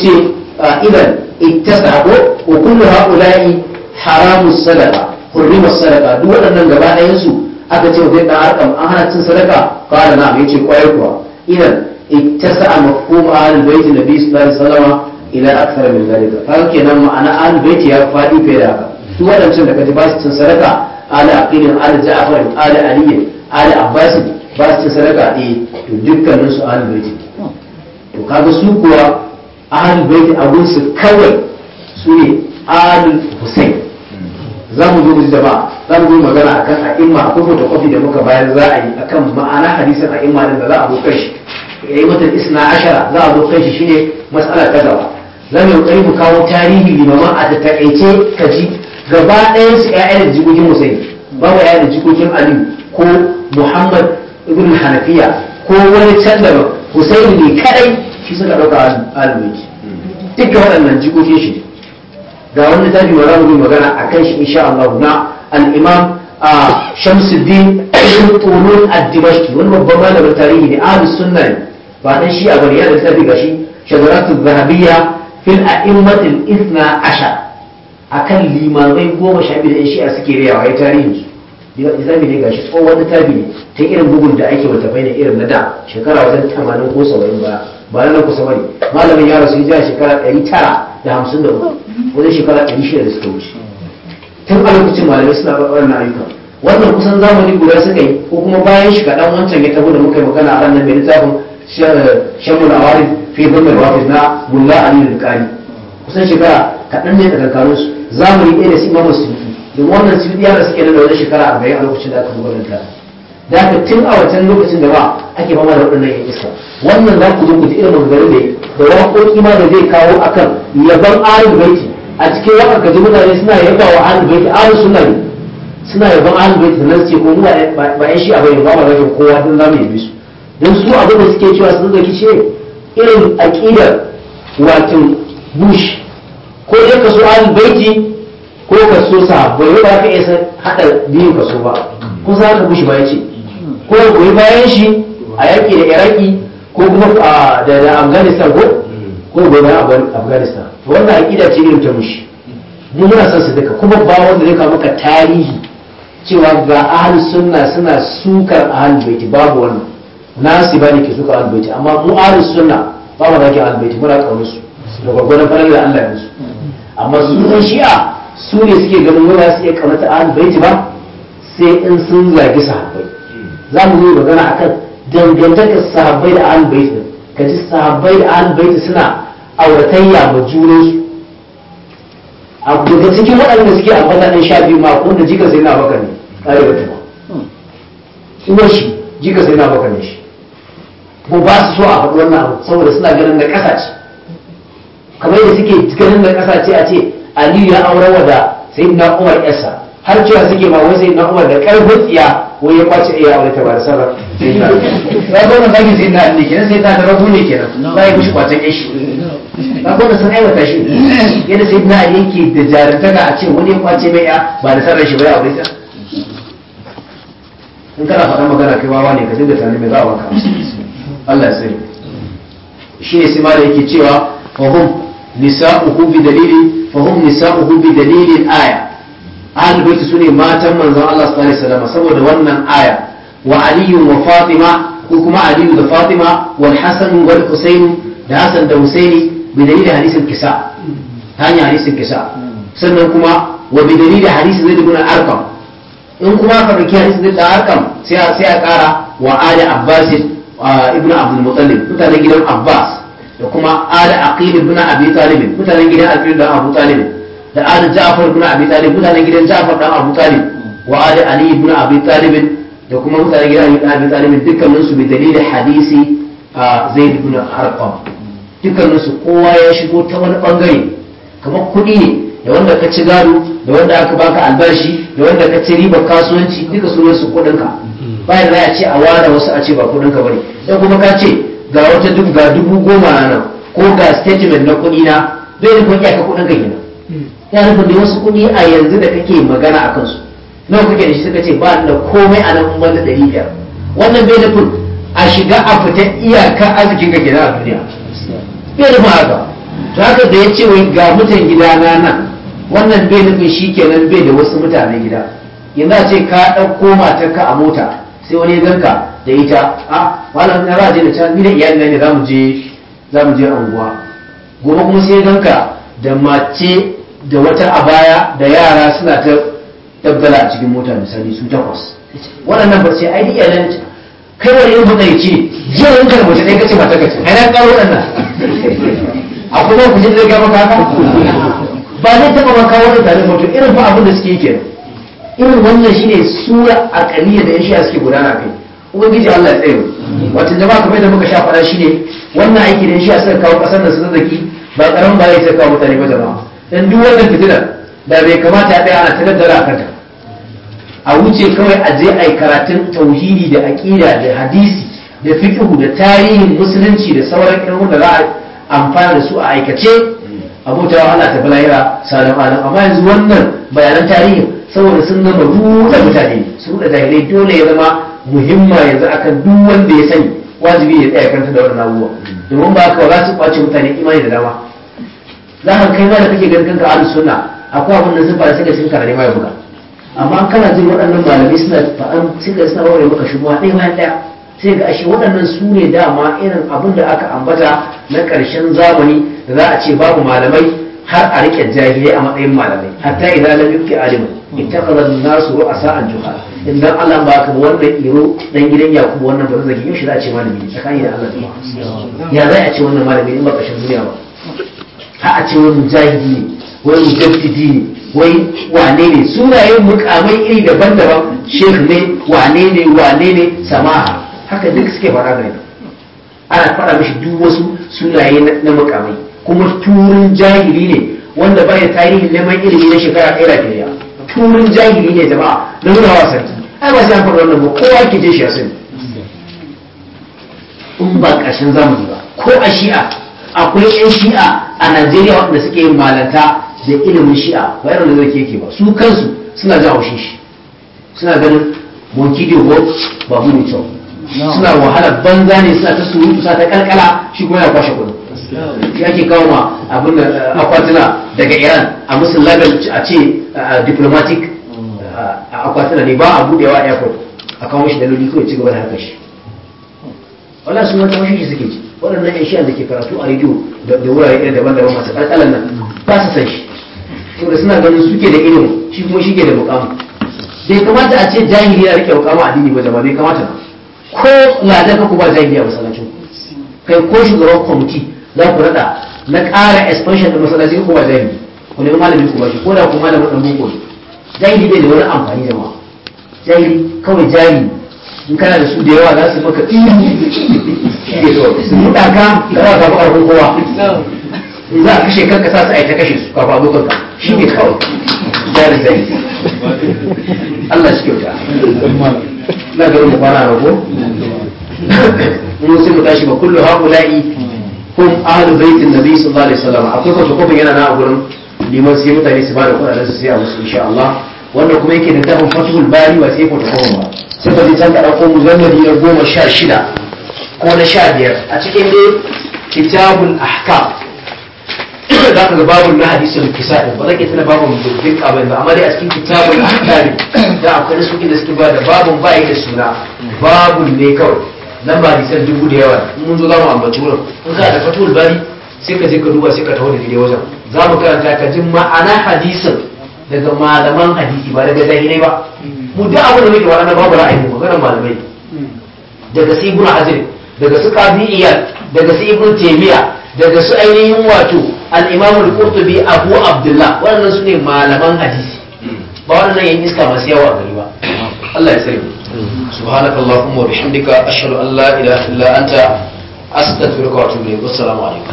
ce ah, idan ittasabu ko wa kullu haula'i haramu sadaka hurrima sadaka duk waɗannan gaba ɗayan su aka ce zai da arkam an hana cin sadaka qala na yace kwayar kuwa idan ittasa mafhum al bayt nabi sallallahu alaihi wasallam ila akthar min dhalika kaga kenan ma'ana al bayt ya faɗi fiye da haka su waɗancan daga ji ba su cin sadaka ala aqilin ala ja'far ala ali ala abbas ba su cin sadaka eh to dukkanin su ahlul bait to kaga su kuwa ahlul bait abun su kawai su ne ahlul husayn za mu zo mu jama'a za mu zo magana akan a'imma akwai fotokofi da muka bayar za a yi akan ma'ana hadisin a'imma din da za a zo kai shi yayi mata isna ashara za a zo kai shi shine matsalar kazawa za mu yi mu kawo tarihi limaman a takaice kaji gaba ɗayan su da jikokin Husayn babu da jikokin Ali ko Muhammad ibn Hanafiya ko wani can daban Husayn ne kadai shi suka ɗauka albaiki duka waɗannan jikokin shi ga wani tafi ma mu magana magana kan shi insha Allah na al-Imam a Shamsuddin ibn Tulun ad wani babban malamin tarihi ne ahli sunna ne ba dan shi a bari da tafi gashi shagaratu zahabiyya fil a'immatil ithna ashar akan limamai goma sha biyu da yan shi'a suke rayawa ya tarihin su izami ne gashi tsohon wani ne ta irin bugun da ake wata bayan irin na da shekara wajen tamanin ko saba'in ba ba na nan kusa bane malamin yaro sun ja shekara ɗari tara da hamsin da uku wajen shekara ɗari shida da suka wuce tun a lokacin malamai suna ɓarɓar na ayyuka wannan kusan zamani guda suka yi ko kuma bayan shi kaɗan wancan ya taho da muka yi magana a ranar mai littafin shamun eh, awarin fi bin mai wafis na mulla ali da kari kusan shekara kaɗan ne da kankanin su za mu yi ɗaya da su imamu da domin wannan suyuti ya suke nan da wajen shekara arba'in a lokacin da aka gudanar da da ka tun a wancan lokacin da ba ake fama da waɗannan yan isa wannan za ku zo ku ji irin maganganun da da waƙoƙi ma da zai kawo akan yaban ahlul baiti a cikin wakar ka ji mutane suna yaba wa ahlul baiti ahlus sunna ne suna yaban ahlul baiti da su ce ko mu ba yan a bai ba ma rashin kowa don za mu yabe su don su abin da suke cewa sun zaki ce irin aƙidar wato bush ko dai ka so ahlul baiti ko ka so sahabbai ba ka isa hada biyu ka so ba kusa ka bushi ba yace ko goyi bayan shi a yaki da iraki ko kuma da afghanistan ko ko goyi bayan afghanistan wannan aƙida ce irin ta mushi mu muna san su duka kuma ba wanda zai maka tarihi cewa ga ahli sunna suna sukar ahli baiti babu wannan nasi ba ne ke suka ahli baiti amma mu ahli sunna ba mu zaki ahli baiti muna kaunar su da gwagwanin farar da Allah ya musu amma su yan shi'a su ne suke ganin wani su iya kamata an baiti ba sai in sun zagi sahabbai za mu yi magana akan dangantakar sahabbai da an baiti ka ji sahabbai da an baiti suna auratayya ma su a daga cikin waɗanda suke ambata ɗan sha biyu ma kun da jika sai na baka ne ƙare wata ba uwar shi jika sai na baka ne shi ko ba su so a faɗi wannan abu saboda suna ganin da ƙasa ce kamar da suke cikin da ƙasa ce a ce aliyu ya aure wa da na umar yasa har cewa suke ma wai na umar da karfin tsiya wai ya kwace iya aure ta ba da sarra ya ya na zagi zaki na ali kenan ta da rabu ne kenan ba ya mishi kwatan yashi ba ko da sun aiwata shi yadda na ali yake da jarantaka a ce wani ya kwace mai ya ba da sarra shi ba ya aure ta in kana faɗa magana kai wawa ne ka dinga tunani mai za ka. Allah ya sani shi ne sai ma da yake cewa wa hum nisa'uhu bi dalili fa hum nisa'uhu bi dalilin aya ahlul bait sune matan manzon Allah sallallahu alaihi wasallam saboda wannan aya wa aliyu wa fatima ko kuma aliyu da fatima wal hasan wal husain da hasan da husaini bi dalilin hadisin kisa hanya hadisin kisa sannan kuma wa bi dalilin hadisin zaid ibn arqam in kuma ka dauki hadisin zaid ibn arqam sai sai a kara wa ali abbas ibn abdul muttalib mutanen gidan abbas da kuma ala aqil ibn abi talib mutanen gidan aqil da abu talib da ala ja'far ibn abi talib mutanen gidan ja'far da abu talib wa ala ali ibn abi talib da kuma mutanen gidan ali ibn abi talib dukkanin su bi dalilin hadisi zaid ibn harqam dukkanin su kowa ya shigo ta wani bangare kamar kuɗi ne da wanda ka ci gado da wanda aka baka albashi da wanda ka ci ribar kasuwanci duka sunan su kuɗinka bayan za a ce a ware wasu a ce ba kuɗinka bane dan kuma ka ce ga wata duk ga dubu goma nan ko ga statement na kuɗi na bai nufin ya ka kuɗin gani na ya nufin da wasu kuɗi a yanzu da kake magana a kansu nawa kake da shi suka ce ba da komai a nan wanda ɗari biyar wannan bai nufin a shiga a fita iyaka arzikin ka gida a duniya bai nufin haka to haka da ya ce wai ga mutan gida na nan wannan bai nufin shi kenan bai da wasu mutanen gida yanzu a ce ka ɗauko matarka a mota sai wani ya ganka da ita a wala na ba je da can ni da iyali ne zamu je za mu je anguwa gobe kuma sai ganka da mace da wata abaya da yara suna ta dabbala a cikin mota misali su takwas wannan ba sai ai iyalan kai wani yin hudu ce jiya yin kan mace ɗaya kace mata kace ai na ƙaro waɗannan a kuma ku je da ga maka haka ba zai taɓa kawo wani tare mutum irin ba abin da suke yi kenan irin wannan shine sura a da yashi suke gudana kai ubangiji Allah ya tsaye wata jama'a kamar da muka sha faɗa ne wannan aiki da shi a kawo ƙasar da su zaki ba karamin ba ya sai kawo mutane ba jama'a dan duk wannan fitina da bai kamata a tsaya ana da a ta a wuce kawai a je a yi karatun tauhidi da aƙida da hadisi da fiqhu da tarihin musulunci da sauran irin da za a amfana da su a aikace abota ana tafi lahira salam alam amma yanzu wannan bayanan tarihi saboda sun gama ruɗa mutane su ruɗa jahilai dole ya zama muhimma yanzu akan duk wanda ya sani wajibi ya tsaya kanta da wannan abubuwa domin ba haka za su kwace mutane imani da dama za ka kai ma da kake ganin kanka ahlus suna akwai abin da zuba da ka sun karare ma ya buga amma kana jin waɗannan malamai suna fa'an suka suna ware maka shugaba ɗaya ɗaya sai ga ashe waɗannan su ne dama irin abin da aka ambata na ƙarshen zamani da za a ce babu malamai har a rike jahili a matsayin malamai hatta idza lam yuki alima ittakhadha an-nasu ru'asa'an juhala idan Allah ba ka wannan iro dan gidan Yakubu wannan ba zai yin shi za a ce malami tsakani da Allah ya zai a ce wannan malami in ba kashin duniya ba ha a ce wani jahili wai mujaddidi ne wai wane ne sunayen mukamai iri daban-daban shekh ne wane ne wane ne samaha haka duk suke faɗa gari ana faɗa mishi duk wasu sunaye na mukamai kuma turin jahili ne wanda baya tarihin neman ilimi na shekara ɗaya da ɗaya. Turin jahili ne jama'a na nuna wa sarki ai ba sai an faɗa wannan ba kowa ke je shi asin in ba ƙarshen zamani ba ko a shi'a akwai 'yan shi'a a najeriya waɗanda suke yin malanta da ilimin shi'a ba irin da zai ke ba su kansu suna jin haushin shi suna ganin monkey de ho ba mu ne suna wahala banza ne suna ta surutu suna ta kalkala shi kuma yana kwashe kuɗi ya ke kawo ma abin da eh, akwatuna daga iran a musul label a ce eh, diplomatic eh, akwatuna ne ba a budewa airport a kawo shi daloli kawai ci gaba da harkar shi wannan sun wata mashi suke ci waɗannan yan shi'an da ke karatu a radio da wurare irin daban-daban masu ƙalƙalan nan ba su san shi da suna ganin suke da ilimin shi kuma shi ke da mukamu bai kamata a ce jahili ya rike mukamu addini ba jama'a bai kamata ba ko ladan ka kuma jahili a masallacin kai ko shugaban kwamiti za ku rada na ƙara expansion da masallaci ko ba zai ku nemi malami ku bashi ko da ku malamin dan boko jahili bai da wani amfani da ma jahili kawai jari in kana da su da yawa za su maka su da ka da za ka buƙar kowa za a kashe kanka sa su a yi ta kashe su kafa abokan ka shi ne kawai jarin zai Allah shi kyauta na garin mu kwana rago mun sai mu tashi ba kullu haƙula'i هم ahlu baitin nabi sallallahu alaihi wasallam akwai kwaso kofin yana na gurin liman sai mutane su bada kuɗaɗen su sai a musu insha Allah wannan kuma yake da tafin fatihul bari wa sai kwato kofin ba sai ka je can kaɗa ko muzannadi na goma sha shida ko na sha biyar a cikin dai kitabul ahkam da ka ga babun na hadisul kisa din ba zan tana babun dukkan abin ba amma dai a cikin kitabul ahkam da akwai su suke da suke ba da babun ba da suna babun ne kawai nan ba san dubu da yawa mun zo za mu ambaci wurin in ka da tuwul bari sai ka je ka duba sai ka taho da gidan wajen za mu karanta ka ji ma'ana hadisin daga malaman hadisi ba daga jahilai ba mu duk abin da muke wa na babu ra'ayi maganar malamai daga su ibnu hazir daga su qadiyya daga su ibnu taymiya daga su ainihin wato al-imam al-qurtubi abu abdullah wannan su ne malaman hadisi ba wannan yan iska masu yawa gari ba Allah ya sani subhanaka allahumma wa bihamdika ashhadu an la ilaha illa anta wa atubu